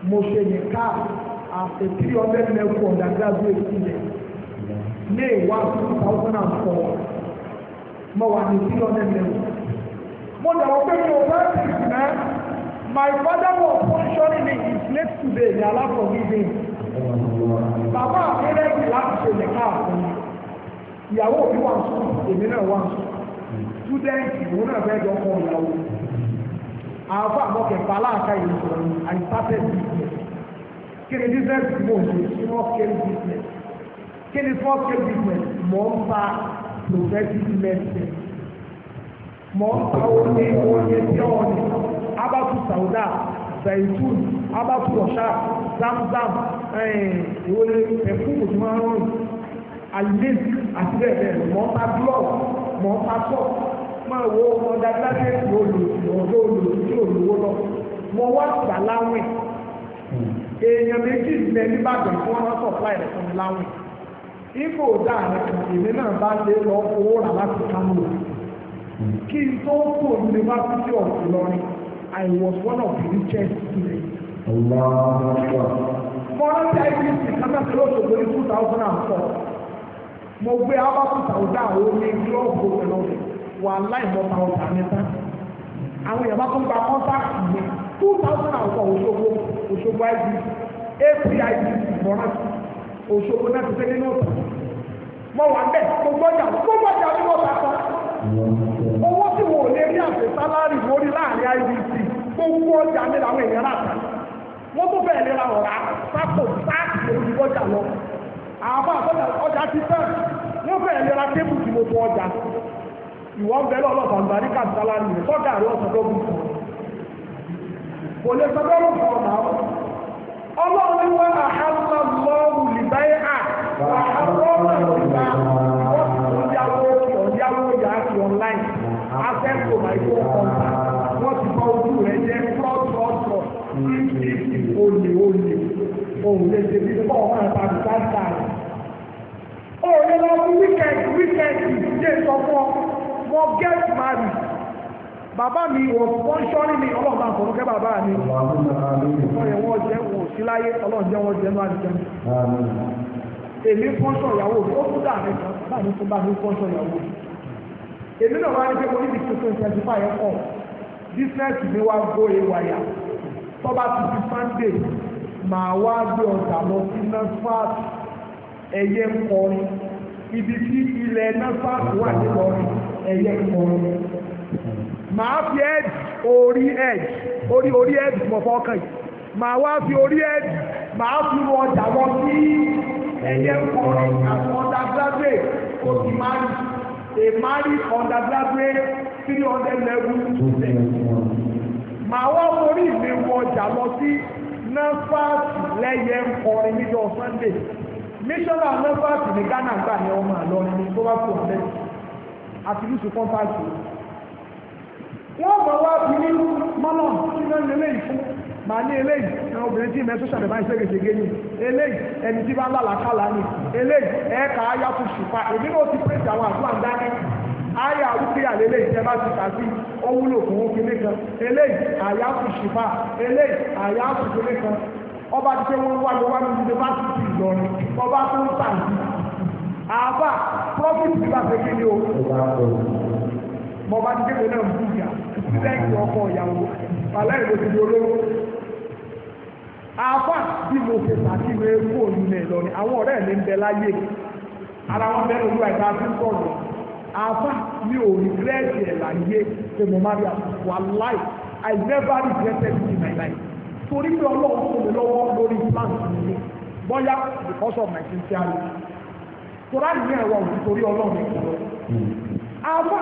mo ṣe ní car as a three hundred level undergraduate student ní ìwà two thousand and four mo wà ní three hundred level mo dàgbà pé mi ò bá ti sùn my father was functioning in his late today ní alákọ̀ọ́bí bẹ́ẹ̀ bàbá àkẹ́rẹ́ ìdí láti ṣe lè káàkiri ìyàwó òbí wà sùn èmi náà wà sùn túdẹ́ǹtì òun náà fẹ́ jọ kọ ìyàwó àwọn àmọ́kẹ̀fà aláàká ìlú sọ̀rọ̀ àìsàtẹ̀ business kí ni business mò ń ṣe small scale business kí ni small scale business mò ń ta progressive medicine mò ń ta oúnjẹ oúnjẹ tí ọ̀ọ́nì abatu sauda zaitun abatu ọ̀ṣà zamzam eh, ìwọlé ẹ̀fún òjòmọ́rún alizik àti bẹ́ẹ̀ bẹ́ẹ̀ mọ́ta blọọ̀ mọ́ta tọ̀ máa wo ọ̀dà gbáṣẹ́ tí ó lò ọ̀dọ́ olò tí ó lówó lọ mọ wá gbà láwìn èèyàn méjì lẹ nígbàgbọ́ tí wọ́n sọ̀ fúláì rẹ̀ fún mi láwìn ipò dáàrẹ̀ kan èmi náà bá lé lọ owó rà láti kánò kí n tó kò ní wá sí ọ̀sùn lọ́rin I was one of the richest students. Mọ̀rán tí a yí sí Kánà tí ó ṣògbó ní two thousand and four. Mo gbé Abakú Tàwùdá àwọn omi gílọ́ọ̀bù pẹ̀lú rẹ̀ wà láìmọ̀ Tàwùdá níta. Àwọn èèyàn bá tún gba kọ́ńtáàkì mi two thousand and four Òṣogbo Òṣogbo IB APIB mọ̀rán Òṣogbo náà ti sẹ́yìn náà. Mo wà bẹ́ẹ̀ gbogbo ọjà gbogbo ọjà ni mo bá kọ́. Owó sálárì lórí láàrin IBC gbogbo ọjà ní àwọn èèyàn láta wọ́n tó bẹ̀rẹ̀ lera ọ̀rá sápò sáàkì olùdíbọ̀ ọjà lọ àwọn ọjà ti tẹ̀ wọ́n bẹ̀rẹ̀ lera tébù tí mo ọjà ìwọ ń ń ká kò lè kan ìwọ ọ̀tá wọ́n ti bá ojú rẹ̀ jẹ́ kọ́ọ̀tọ̀ọ̀tọ̀ fífi olè olè òun lè ṣe bí pọ̀ wọn àtàbí pátá rẹ̀. òun lọ fún wíkẹ̀ndì wíkẹ̀ndì ṣe sọ fún ọ mo get married bàbá mi wọ̀ fọ́nṣọ́rì mi ọlọ́run máa fọ̀rọ̀ kẹ́ bàbá mi wọ́n yẹ wọ́n jẹ́ wọ́n sí láyé ọlọ́run jẹ́ wọ́n jẹ́ lọ́wọ́ àdìjẹ́ èmi fọ́nṣọ́ ìyàwó ó tún dà mí kan báyìí tún bá mi fọ́nṣọ́ ìyàwó mi èmi náà wá ní pé mo ní bí tuntun twenty five kọ business mi wá gbó ewàyà tó bá ti di Sunday màá wá gbé ọjà lọ sí NAFDAC ẹ̀yẹ ń kọrin ibi tí ilẹ̀ NAFDAC wà ní kọrin ẹ̀yẹ ń kọrin màá fi ẹ̀dì orí ẹ̀dì orí orí ẹ̀dì mọ̀ fọ́kàn yìí màá wá fi orí ẹ̀dì màá fi wọ ọjà lọ sí ẹ̀yẹ kọrin àti ọ̀dà gbàgbé kò sì máa ń. a married undergraduate three hundred level student. Màá wá orí mi wọ ọjà lọ sí Nafas lẹ́yẹ ń Sunday. Mísọ́nà Nafas ní Ghana gbà ní ọmọ àlọ́ ní tó bá fò ọ̀lẹ́ àti lùsù Wọ́n mọ̀ wá bí mọ́nà màá ní eléyìí àwọn obìnrin tí mẹ́tò ṣàbẹ̀bá ń ni eléyìí ẹni tí bá ń lálàkàlà ni eléyìí ẹ̀ka ayáfu ṣùpá èmi náà ti pèsè àwọn àdúrà ń dání ayé àwùjọ àlè eléyìí tẹ́ bá ti kà sí ó wúlò fún kíní kan eléyìí àyáfu ṣùpá eléyìí àyáfu kíní kan ọba ti pé wọ́n wá lọ wá ní yunifásitì Ìlọrin ọba tó ń tàǹtì àbá prọfìtì bá fẹ́ kí ni o bọba ti kékeré náà bú ìyá sílẹ̀ ìwọ̀kọ̀ ìyàwó alẹ́ ìwòsàn olóró àáfà bí mo ṣe ṣàkíwé fóònù ilẹ̀ Ìlọrin àwọn ọ̀rẹ́ mi ń bẹ láyé ara wọn bẹ́ẹ̀ olú ẹ̀ka tí ń sọ̀rọ̀ àáfà mi ò rí gírẹ́ẹ̀sì ẹ̀ láyé pé mo má rí àsìkò aláì I never regretted it in my life torí pé ọlọ́run kò lè lọ́wọ́ lórí plan mi bọ́yá because of my sincerity torá ní ẹ̀rọ òun torí ọlọ́run ìkọ̀ọ́ àáfà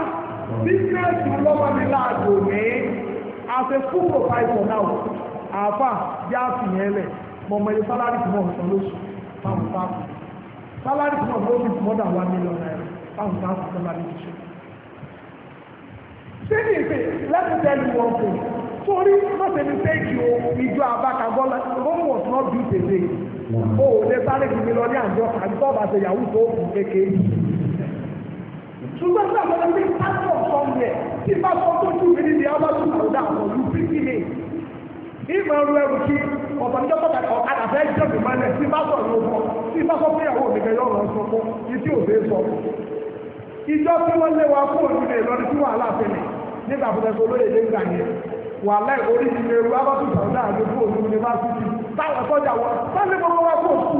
bí gírẹ́ẹ̀sì ọlọ́wọ́ mi láàgò ní as a full provider now àáfà yá àfihàn ẹlẹ̀ mọ̀mọ́ iye sálárì tí wọ́n sọ lóṣù táwọn táàkù sálárì tí wọ́n lóṣù tí wọ́n dà wá mílíọ̀nù náírà táwọn táàkù sálárì ti ṣe. ṣé ní ìpè lẹ́sìtẹ́lì wọn kò torí lọ́sẹ̀ ní sẹ́ẹ̀kì o ìjọ àbákagọ́ lọ́wọ́ tí wọ́n bí tèlé o ò lè sáré kìíní lọ ní àjọ àti tọ́ọ̀bà ṣe yahoo tó kù kékeré ṣùgbọ́n tí àwọn ọmọdé ń pàṣẹ ọ̀sán yẹ kí bá sọ tó tún mi níbi abájú àwòdà àwọn olùpínlẹ̀ ìmọ̀ ẹrú ẹrú kí ọ̀sán níjọ́ pàtàkì ọ̀kadà fẹ́ jẹ́kù mọ́lẹ̀ tí bá sọ̀rọ̀ ló sọ tí bá sọ fúnyàwó mi kẹ́ yọ̀rọ̀ sọ fún ìdí òde sọ. ìjọ tí wọ́n lé wa fún òní lè lọ́ni tí wàhálà fẹ́lẹ̀ nígbà fún ẹgbẹ́ olóyè lé gbà yẹn wà láì orí ti lè ru abátùsọ̀ náà ló fún òní yunifásitì táwọn sọ́jà wọn sọ́ni gbogbo wa fún òkú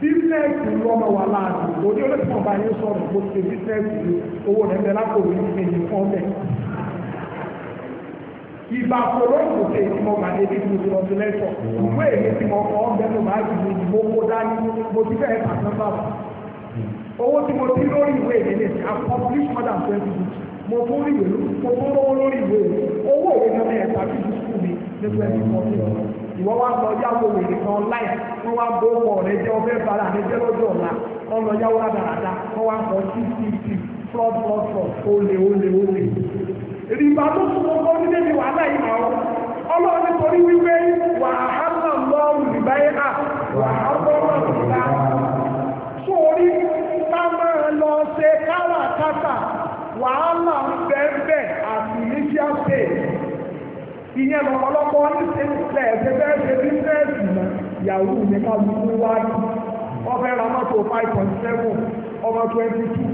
bísíǹsì ló ọmọ wà láàrin òní olóṣèlú ọba yẹn sọ̀rọ̀ kó ṣe bísíǹsì owó rẹ̀ bẹ́ẹ̀ lákòwé ẹ̀yìn fún ọbẹ̀. ìgbà kòró kò ṣe èyí mo gbà débi tí mo ti lọ sí lẹ́sọ̀ ìwé èyí tí mo kọ́ ọbẹ̀ tó máa jù ní mo kó dání mo ti fẹ́ẹ́ pàṣẹ báwọ̀. owó tí mo ti lórí ìwé èyí ni a publish more than twenty books mo tún rí ìwé mo tún lówó lórí ìwé owó ìwé náà ẹ̀ka ìwọ wá lọ yáwó wèrè kan láì wọ́n wá bó ọmọ rẹ jẹ́ ọbẹ̀ bára rẹ jẹ́ lọ́jọ́ ọ̀la wọ́n lọ yáwó rádaràda wọ́n wá sọ títí flop flop flop olè olè olè. ìrìbà ló tún mọ́ kọ́ nílé ni wàhálà yìí máa wọ́n ọlọ́run ní torí wípé wàhálà lọ́rùn ìbáyé hà wàhálà lọ́rùn sórí ká lọ ṣe káràkátà ìyẹn lọ ọlọ́pọ̀ oníṣẹ́lẹ̀ ẹ̀fẹ́ bẹ́ẹ̀ ṣe bísẹ́ẹ̀sì mọ́ ìyàwó mi ká ló ń wájú ọbẹ̀ ra mọ́tò five point seven ọmọ twenty two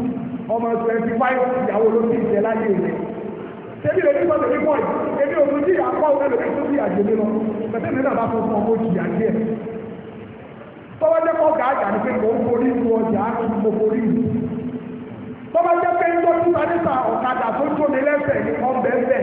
ọmọ twenty five ìyàwó ló ti jẹ láyé rẹ̀ ṣébí lórí sọ́dọ̀ ní pọ̀ yìí èmi ò ní àpá òun ẹlòmí tó bí àjèlé lọ pẹ̀lú mi náà bá fún fún ọmọ jìyà díẹ̀ tọ́wọ́ jẹ́ pọ̀ gàájà ni pé mò ń borí ìlú ọjà á ti mo borí ìlú tọ́wọ́ jẹ́ pé ń tọ́jú adéta ọ̀kadà tó jóni lẹ́sẹ̀ ní ọ̀bẹ̀ bẹ́ẹ̀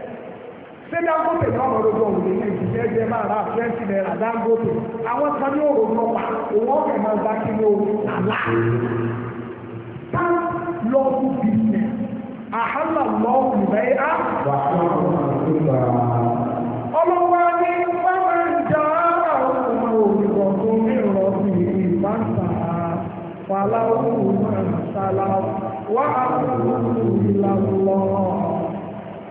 ṣé dangote ní ọmọ ọdún ọ̀hún lè ní ìdílé ẹgbẹ́ máa ra twenty naira dangote àwọn kan ní òòrùn lọ pa òun ọ̀fẹ́ máa gba kí ní òòrùn àlá. bank lọ́ọ̀bù ahụ. àhálà lọ́ọ̀bù bẹ́ẹ̀ á. ọlọ́wọ́ ń jà àwọn ọmọ náà sálà wà á ìlànà lọ́wọ́.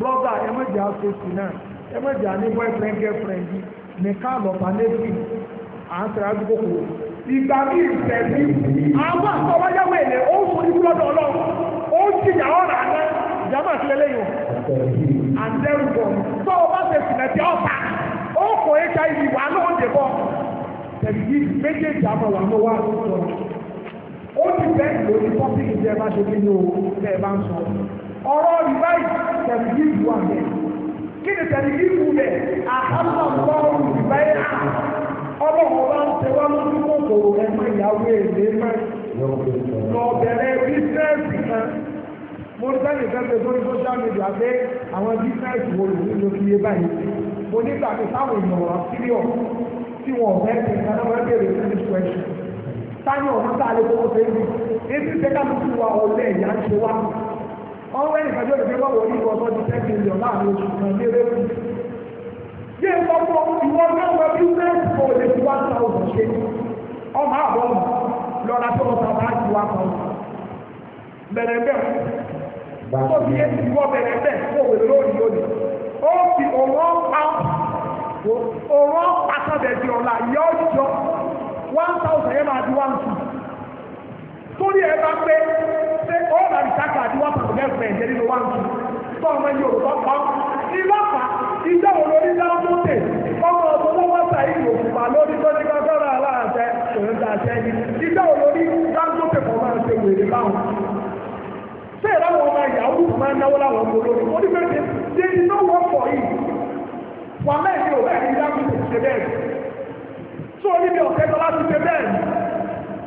brother ẹ má jẹ́ asosi náà ẹ má jẹ́ àní boyfriend girlfriend yìí nìkan lọ́pàá lẹ́bí à ń tẹ̀lé àdúgbò kò ìgbà bí ìfẹ̀bí àwọn àtọwájáwé ilẹ̀ ó ń fún ìgbọ́dọ̀ ọlọ́run ó ń jìyà ọ̀rọ̀ àná ìjàmbá sílẹ̀ lẹ́yìn àndẹ́rùbọ̀ tó o bá ṣe sìnà tí ọ̀tá ó kò hiv wà ló ń dìbọ̀ tẹ̀lifí méjèèjì àmọ́ wà ló wà ló sọ ó ti bẹ́ẹ̀ lórí pọ́pì ìjẹ́ bá ṣe nínú ẹ̀ bá ń sọ ọ̀rọ̀ rìbáì tẹ̀lé yíyú àmì kí ni tẹ̀lé yíyú rẹ̀ àhálà lọ́rùn rìbáì à ọlọ́run bá ń tẹwá lójú kòkòrò ẹ̀ mọ ìyàwó èlé mọ́ lọ bẹ̀rẹ̀ bísíǹsì kan mo ní sẹ́yìn sẹ́yìn sórí social media pé àwọn bísíǹsì wo lòun ló fi yé báyìí mo nígbà tó táwọn èèyàn wà síríọ̀ tí wọn bẹ́ẹ̀ ti kan náà wọ́n bẹ̀rẹ̀ sí ní question táyọ̀ ọ̀nà tá a lè fọwọ́ sẹ́yìn ní ti sẹ́ká lójú wa ọ̀lẹ́ ìyá ń ṣe wá wọ́n wẹ́ nìkan tó lè fi wọ́n wọ ní ọ̀tọ́ di ten million láàrin oṣù kan léré kù. yé ìfọ́pọ̀ ìwọ náà bísíǹsì kò lè fi wá ta òògùn ṣe ọmọ àbọ̀ lọ́ra tó lọ́ta bá ti wá kan bẹ̀rẹ̀ bẹ́ẹ̀ tó fi yé ti wọ́ bẹ̀rẹ̀ bẹ́ẹ̀ kó wèrè lónìí lónìí ó fi òun ọ̀pá òun ọ̀pá di ọ̀la yọ̀ọ́jọ́ one thousand yẹn máa di one two torí ẹ bá pé ṣé ọ̀rọ̀ ìtàkà àti wọ́n pàtó mẹ́fẹ̀ẹ́ ìjẹ́ nínú wá ń tu tó ọmọ ẹni òrùkọ́ pa ìlú ọ̀pá ìjọ wo lórí lámúté ọmọ ọmọ lọ́wọ́sà ìlú òkùnfà lórí tó ní gbàgbọ́ra aláàṣẹ òun dà sẹ́yìn ìjọ wo lórí lámúté kò máa ṣe wèrè báwọn. ṣé ìlànà ọmọ ìyàwó máa náwó láwọn ọmọ olórí ó ní pé ṣe ní ló wọ́n pọ̀ yìí wà mẹ́rin ò bẹ́ẹ̀ ní lámúté ṣe bẹ́ẹ̀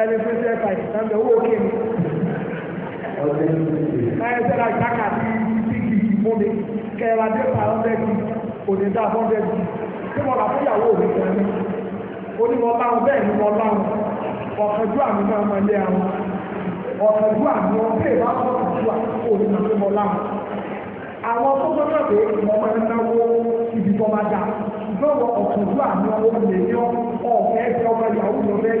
ẹni tó ṣe ẹ̀fà ìsàmbẹ̀ owó òkè mi. Báyọ̀ sẹ́la ìtàkà bí bíkì ìmọ̀ mi kẹ́ra dé pàrọ̀ bẹ́ẹ̀kì òní dá fún bẹ́ẹ̀kì. Ṣé mo bá fún ìyàwó òní kan ní? Onímọ̀ báwọn bẹ́ẹ̀ ni mo báwọn. Ọ̀kẹ́jú àmì máa máa lé àwọn. Ọ̀kẹ́jú àmì wọn bẹ́ẹ̀ bá fọ́ ìjú àkókò ní mo láwọn. Àwọn tó gbọ́dọ̀ pé ìmọ̀ máa ń náwó ibi tó máa dáa lọ́wọ́ ọ̀túnjú àmì owó lè ní ọ̀fẹ́ ẹ̀fẹ́ ọmọ ìyàwó ló fẹ́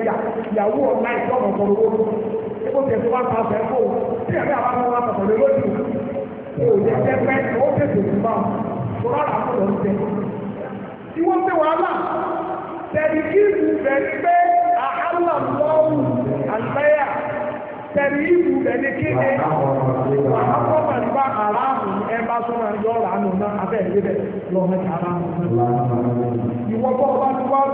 ìyàwó ọ̀la ìtọ́nà ọ̀tọ̀rọ̀ owó ló ó tẹ̀ tó wá ta tí ẹ̀fẹ́ àwọn ọmọ àtọ̀tọ̀ lè lójú o yẹ kẹ́ pẹ́ ó tètè tó bá o rárá kó lọ tẹ. ìwọ ti wàhálà tẹ̀lifíìsì bẹ̀rẹ̀ pé àhálà lọ́wọ́ àgbẹ̀yà tẹ̀rí iwu ẹni kéde àwọn ọmọ ìgbà aláàmù ẹgbà sọ́nà ìjọ ọ̀rọ̀ náà abẹ́ bọ́ tí wọ́n gbogbo àwọn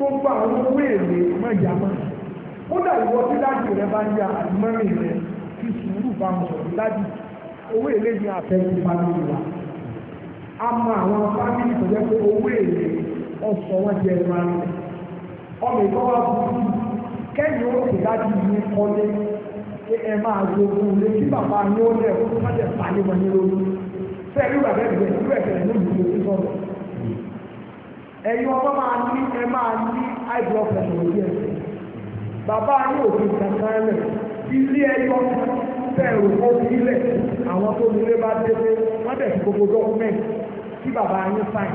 owó mọ́ kódà tí dájú rẹ bá ń ya rẹ fi sùúrù bá ń sọ̀rọ̀ dájú owó ní a mọ àwọn fámìlì tó jẹ́ pé owó ọ̀sọ̀ kẹ́yìn ó ti dájú ní kọ́lé ẹ máa wo ohun ilé tí bàbá ní ó lẹ̀ ó tó má jẹ́ pàálí wọn ní lórí fẹ́ irú bàbá ẹ̀gbẹ́ irú ẹ̀gbẹ́ ní ìlú tó sọ̀rọ̀ ẹ̀yin ọmọ máa ní ẹ máa ní high blood pressure lórí ẹ̀sẹ̀ bàbá ní òfin kankan rẹ̀ ilé ẹyọ bẹ́ẹ̀ rò ó fi ilẹ̀ àwọn tó nílé bá dé pé wọ́n tẹ̀sí gbogbo dọ́kúmẹ̀ntì tí bàbá yín sáyìn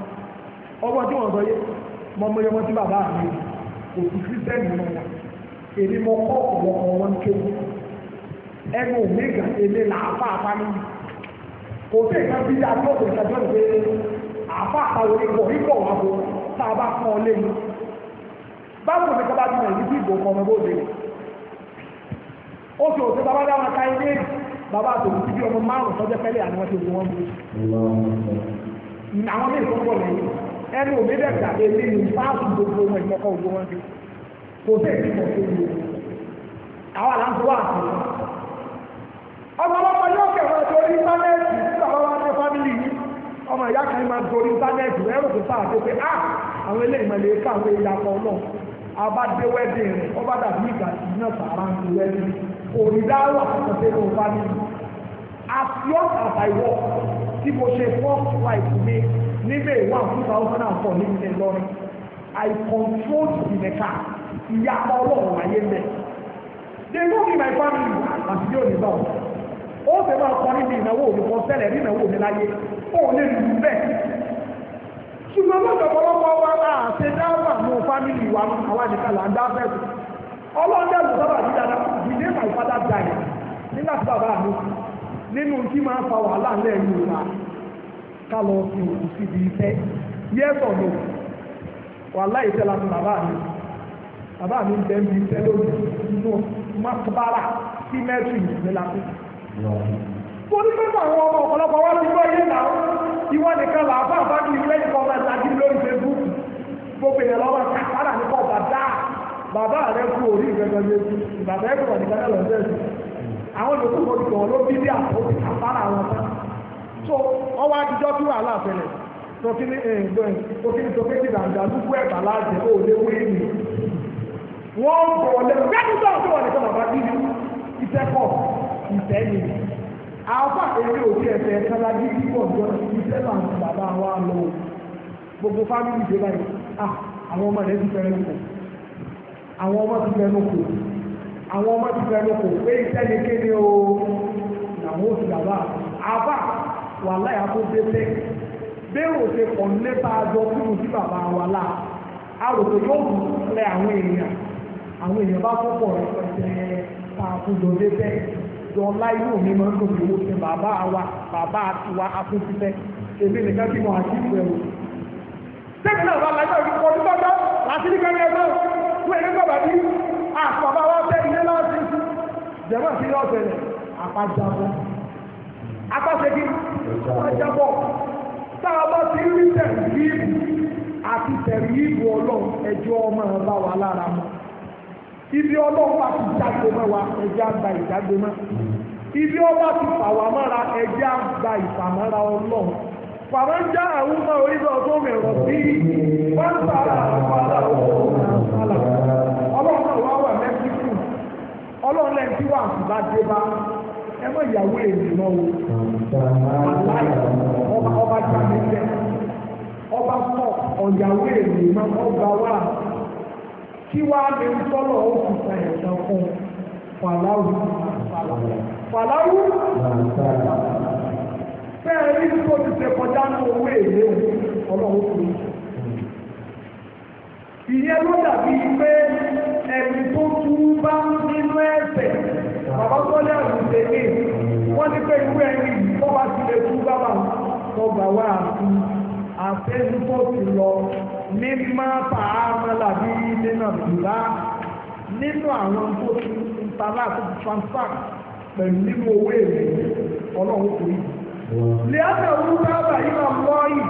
ọgbọ́n tí wọ́n sọ yé mọ́mọ́ yọmọ́ tí bàbá mi kò sí kírísítẹ́nì mọ́ wọn èmi mọ́ kọ́ ọ̀pọ̀lọpọ̀ wọn kéwù ẹnu omega èmi là áfà àfà mi kò sí ìka bí i ìtajọ́ ìgbé àfà àtàwọn ìbọ̀ ìbọ̀ wà bó tá a bá fún ọ lé mi báwo ni kábàá ti mọ̀ ìdí ìbò kan ọmọ bóde ó sì òsè bàbá dáwọn ká ilé bàbá àtòkù ti bí ọmọ márùn-ún sọ́jọ́ pẹ́lẹ́ àni wọ́n ti wọ́n mú àwọn mí ẹnu òbí dẹ̀ka èmi ní fáàkì gbogbo wọn ìkọ̀kọ̀ gbogbo wọn ti kò bẹ́ẹ̀ ti pọ̀ tó wù àwọn àlàǹfọ̀ wà sí. ọmọ ọmọ yóò kẹ̀wọ́ torí íńtánẹ́ẹ̀tì tí àwọn wá ní fámìlì yìí ọmọ ìyá kan máa torí rẹ̀ rògbò tó pé ah àwọn ká àwọn náà ọba dàbí ìgbà tí sàrà ń níbẹ̀ ìwà two thousand and four níbi ìlọrin I controlled ìyapa ọlọ́run ayé mẹ́ they know me my family àti yóò ní báwọn ó sì máa kọ níbi ìnáwó òní kan ṣẹlẹ̀ ní ìnáwó òní láyé ó lè lù bẹ́ẹ̀ ṣùgbọ́n lọ́dọ̀ ọ̀pọ̀lọpọ̀ wa àti dáhùn àwọn fámìlì wa àwọn àdìkàlà ń dada my father nígbà tí bàbá mi nínú máa fa wàhálà lẹ́yìn ká lọ fi òkú síbi iṣẹ́ yẹ́sọ̀ lò wà láì iṣẹ́ láti bàbá mi bàbá mi ń bẹ́ẹ̀ bí iṣẹ́ lónìí nínú mọ́tòbára símẹ́tì ní lápò. torí pé àwọn ọmọ ọ̀pọ̀lọpọ̀ wá ló gbọ́ ilé náà ìwọ nìkan là á bá bá kí ilé ìkọ́ máa ṣáájú lórí Facebook gbogbo èèyàn lọ́wọ́ kàkàrà nípa ọ̀bà dáa bàbá rẹ̀ kú orí ìgbẹ́gbẹ́ lójú bàbá ẹ̀kọ́ nìkan náà lọ́sẹ̀ẹ̀sì àwọn olùkọ́ so ọwọ́ adijọ́ kí wàhálà eh, fẹlẹ̀ tọkíní ẹ̀ẹ́dọ́n tọkíní tọkíní dàgbà ẹ̀bà láti ó lé wé ní wọ́n bọ̀ lẹ́nu tó tó ìtẹ́ ni àwọn èrè òbí ẹ̀fẹ́ kára gidi pọ̀ jọ náà ní bàbá wa lọ gbogbo fámìlì dé ah, àwọn ọmọ ti àwọn ọmọ ti o làwọn ti bàbá àbá wà láyà tó dé lé bẹ́ẹ̀rù ṣe pọ̀ nílé tá a jọ kúrò sí bàbá wa là á rò pé yóò dùn lẹ àwọn èèyàn àwọn èèyàn bá púpọ̀ rẹpẹtẹ tá a kú jọ dé bẹ́ẹ̀ jọ láyé òní máa ń lò ní oṣù bàbá wa bàbá tiwa afúnfífẹ́ èmi nìkan kí mo àti ìfẹ́ o. sẹ́kì náà bá lájọ́ ìdúpọ̀ ní bàbá láti ní kẹ́kẹ́ náà fún ẹ̀rẹ́ bàbá bí àpàbá wa fẹ́ ilé láti jẹ̀mọ́ sí ọ̀sẹ̀ rẹ̀ àpájábọ̀ apáṣẹ́gí ọjọ́bọ̀ táà bá ti rí tẹ̀rí ìbù àti tẹ̀rí ìbù ọlọ́run ẹjọ́ ọmọ ọba wà lára mọ́ ibi ọlọ́run bá ti jáde mọ́ wa ẹjẹ́ àgbà ìjáde mọ́ ibi ọba ti fà wá mọ́ra ẹjẹ́ àgbà ìfàmọ́ra ọlọ́run fàmọ́ ń já àwọn ọmọ orílẹ̀ ọdún mẹ́rọ sí wọ́n sára àwọn aláwọ̀ ọlọ́run náà wá wà mẹ́síkù ọlọ́run lẹ́yìn tí wà ń bá dé bá ẹ mọ ìyàwó èyí mọ o ọba ọba tí a ti jẹ ọba sọ ọ̀yàwó èyí mọ ọba wa kí wàá lè sọ́lọ̀ ó sì sa ẹ̀sán fún fàlàwù fàlàwù bẹ́ẹ̀ ní tó ti ṣe kọjá ní owó èlé ọlọ́run fún mi ìyẹn ló dàbí pé ẹni tó tú bá nínú ẹ̀ṣẹ̀ bàbá tó lé àrùn tèmi wọ́n ní pé ìwé ẹni tó bá ti lè tú bàbá tó gbà wá àrùn àfẹ́sùpọ̀ ti lọ ní máa fà á mọ́lá bí ilé náà lá nínú àwọn tó ti ń tara tó ti transact pẹ̀lú nínú owó èrè ọlọ́run kò yìí. Lẹ́yìn àwọn sábà yìí máa lọ yìí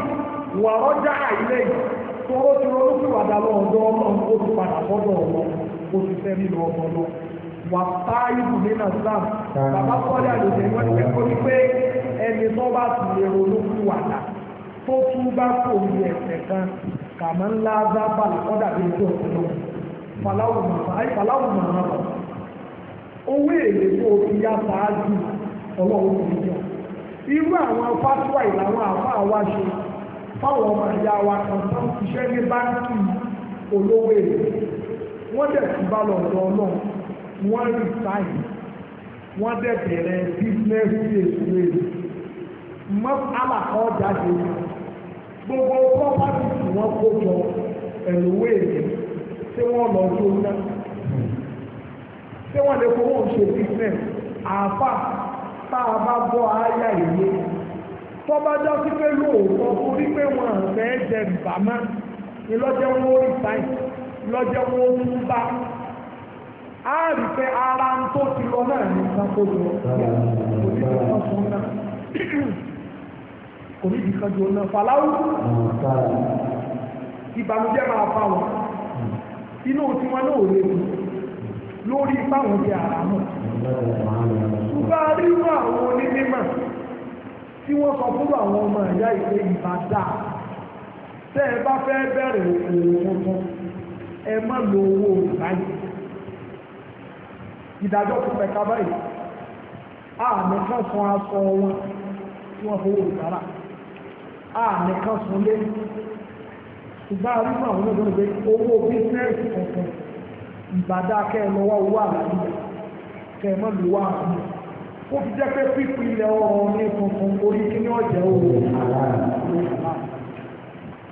wà ọjà ilé tó ó ti ronú sí wàdà lọ́dọ̀ ọmọ ó ti padà bọ́dọ̀ ọmọ ó ti fẹ́ nínú ọmọ náà wà táìbù nínú islam ah. bàbá sọ́lé àlòjẹ́ wọ́n ti kó ní pé ẹni tó bá ti lè ronú kú àlà tó tún bá kò ní ẹ̀sẹ̀ kan kàmọ́ ńlá zábà lọ́dà bí ojú ọ̀sẹ̀ lọ fàláwù màmá lọ owó èlé tó fi yá sáájú ọlọ́run kò ní jọ irú àwọn fásitì ìlànà àfáà wá ṣe fáwọn ọmọ ìyá wa kan tó ń ṣiṣẹ́ ní báńkì olówó èlé wọ́n dẹ̀ tún bá lọ́dọ̀ ọlọ́run wọ́n rí sáyìn wọ́n dẹ̀ bẹ̀rẹ̀ business day mọ́ àlàkọ́ jáde gbogbo property tí wọ́n kó jọ ẹ̀lówó èdè tí wọ́n lọ tó ná tí wọ́n lè fowó ṣe business àáfà tá a bá gbọ́ àáyá ìwé tọ́ba jọ sí pé lóòótọ́ orí pé wọn àfẹ́ jẹ bàmá ni lọ́jọ́ wọn ó rí sáyìn lọ́jọ́ wọn ó tún bá á rí pé ara ń tó ti lọ náà ní sáfó lọ kò ní ìdí kan jù ọ̀nà fàlàwù ìbànújẹ́ máa fa wọn inú tiwọn náà ò léwu lórí fáwọn ti ara náà ṣùgbọ́n a rí inú àwọn onímọ̀ tí wọ́n sọ fún àwọn ọmọ ìyá ìpè ìbàdà tẹ́ ẹ bá fẹ́ bẹ̀rẹ̀ òun tuntun ẹ má lo owó ìbáyìí ìdájọ́ tó pẹ̀ka báyìí àmì kan sun aṣọ wọn tí wọ́n fowó ìbára àmì kan sun lé ṣùgbọ́n arúgbó àwọn ọmọdé wọn pé owó bísínẹ́sì kankan ìbàdá kẹ́ ẹ lọ́wọ́ owó àlàyé kẹ́ ẹ mọ́ lè wá àmì ó fi jẹ́ pé pípín ilẹ̀ ọ̀rọ̀ ní kankan orí kí ní ọ̀jẹ̀ owó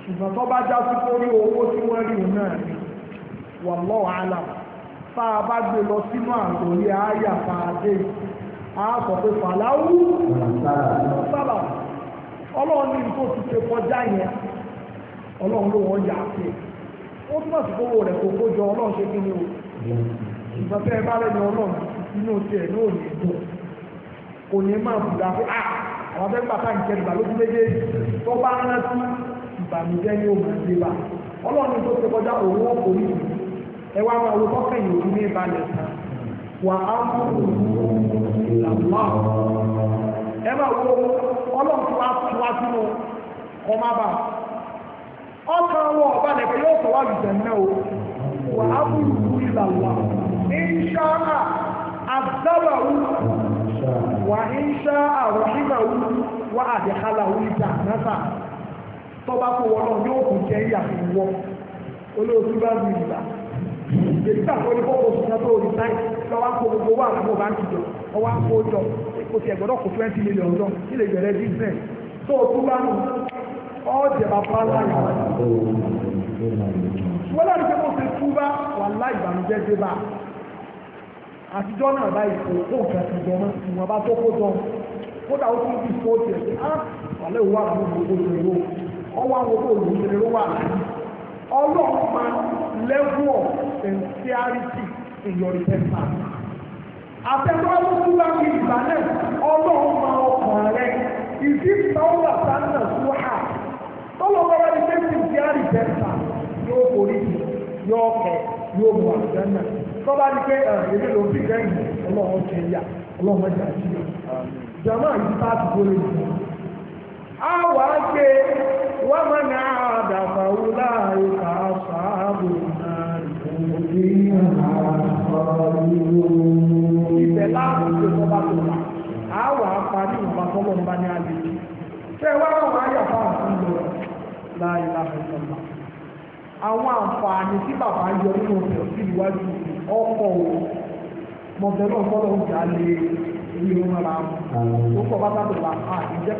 ṣùgbọ́n tó bá já sí orí owó tí wọ́n rí òun náà ni wàlọ́ọ̀ àlàmù Fa a bá gbé lọ sínú àtòrí àáyà pàdé a sọ sábà ọlọ́run ní tó ti ṣe kọjá yẹn ọlọ́run ló wọ́n yà á pé ó túmọ̀ sí kówó rẹ̀ kó kójọ ọlọ́run ṣe kí ni o ìgbọ́n tẹ́ ẹ bá lẹ́nu ọlọ́run inú ní òní kò ní máa ah, àwọn gbàtà ìjẹ́ tó bá rántí ẹ wá máa wo ní ìbàlẹ̀ kan wà á mú ìlànà ẹ máa wo ọlọ́run tó wá tó wá sínú kọ́mábà ọkàn ọba nìkan yóò sọ wá o wà á mú ìlànà wà wà ìjà tọ́ba wọ́n náà yóò jẹ́ ìyàwó olóòtú bá ìgbà tó ní kókó sùn náà tó rí sáì lọ́wọ́ kó gbogbo wà fún ọba ti jọ ọwọ́ kó jọ kó tiẹ̀ gbọ́dọ̀ kó twenty million jọ nílẹ̀ ìbẹ̀rẹ̀ business tó o tún bá nù ọ̀ọ́dẹ̀ bàbá láyà wọ́n láti pé kó ṣe túbá wà láì ìbànújẹ́ dé bá àtijọ́ náà báyìí kò kó nǹkan ti jọ náà ìwọ̀n bá tó kó jọ kódà ó tún bí fóòtì ẹ̀ á wà lẹ́wọ̀ wà fún gbogbo ìṣòro ọwọ́ àwọn gbogbo ìṣòro wà láyìí Ọlọ́run máa level of sincerity in your repentance. Àtẹ̀wájú tó bá fi ìgbà náà, Ọlọ́run máa ọkàn rẹ̀. Ìdí ìtawọ́lá sáńtà tó hà. Tọ́lọ̀ bá wáyé pé sincerity bẹ̀rẹ̀ yóò borí yóò kẹ̀ yóò mú àgbẹ̀ náà. Tọ́lá ní pé èmi ló fi kẹ́yìn Ọlọ́run ṣe yá Ọlọ́run ẹ̀jẹ̀ àti yá. Jàmáà yìí bá ti gbólé yìí. àwọ̀ ake wọ́n mọ̀ ní àdàfà wúlá ìka sàábù náà ìfòmòdì ìfẹ́ láàrín tó bá tó bá àwọ̀ apá ní ìwọ̀n bá tọ́lọ̀ ń bá ní àlejò ṣé wọ́n wọ́n àyàfà àwọn àǹfààní tí bàbá yọ nínú ọ̀sẹ̀ sí o náà ń jà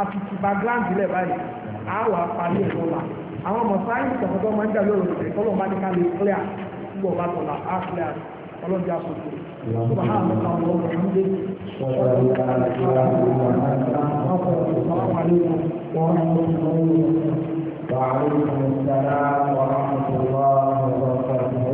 àtùtù background lẹ̀ báyìí a wà parí ẹ̀ lọ́la àwọn ọmọ sáyẹ́ǹsì kọ̀ọ̀kan tó máa ń jà lórí rẹ̀ tọ́lọ́ bá ní ká lè clear nígbà ọba tọ̀la á clear ọlọ́dẹ àsòkò subhanaka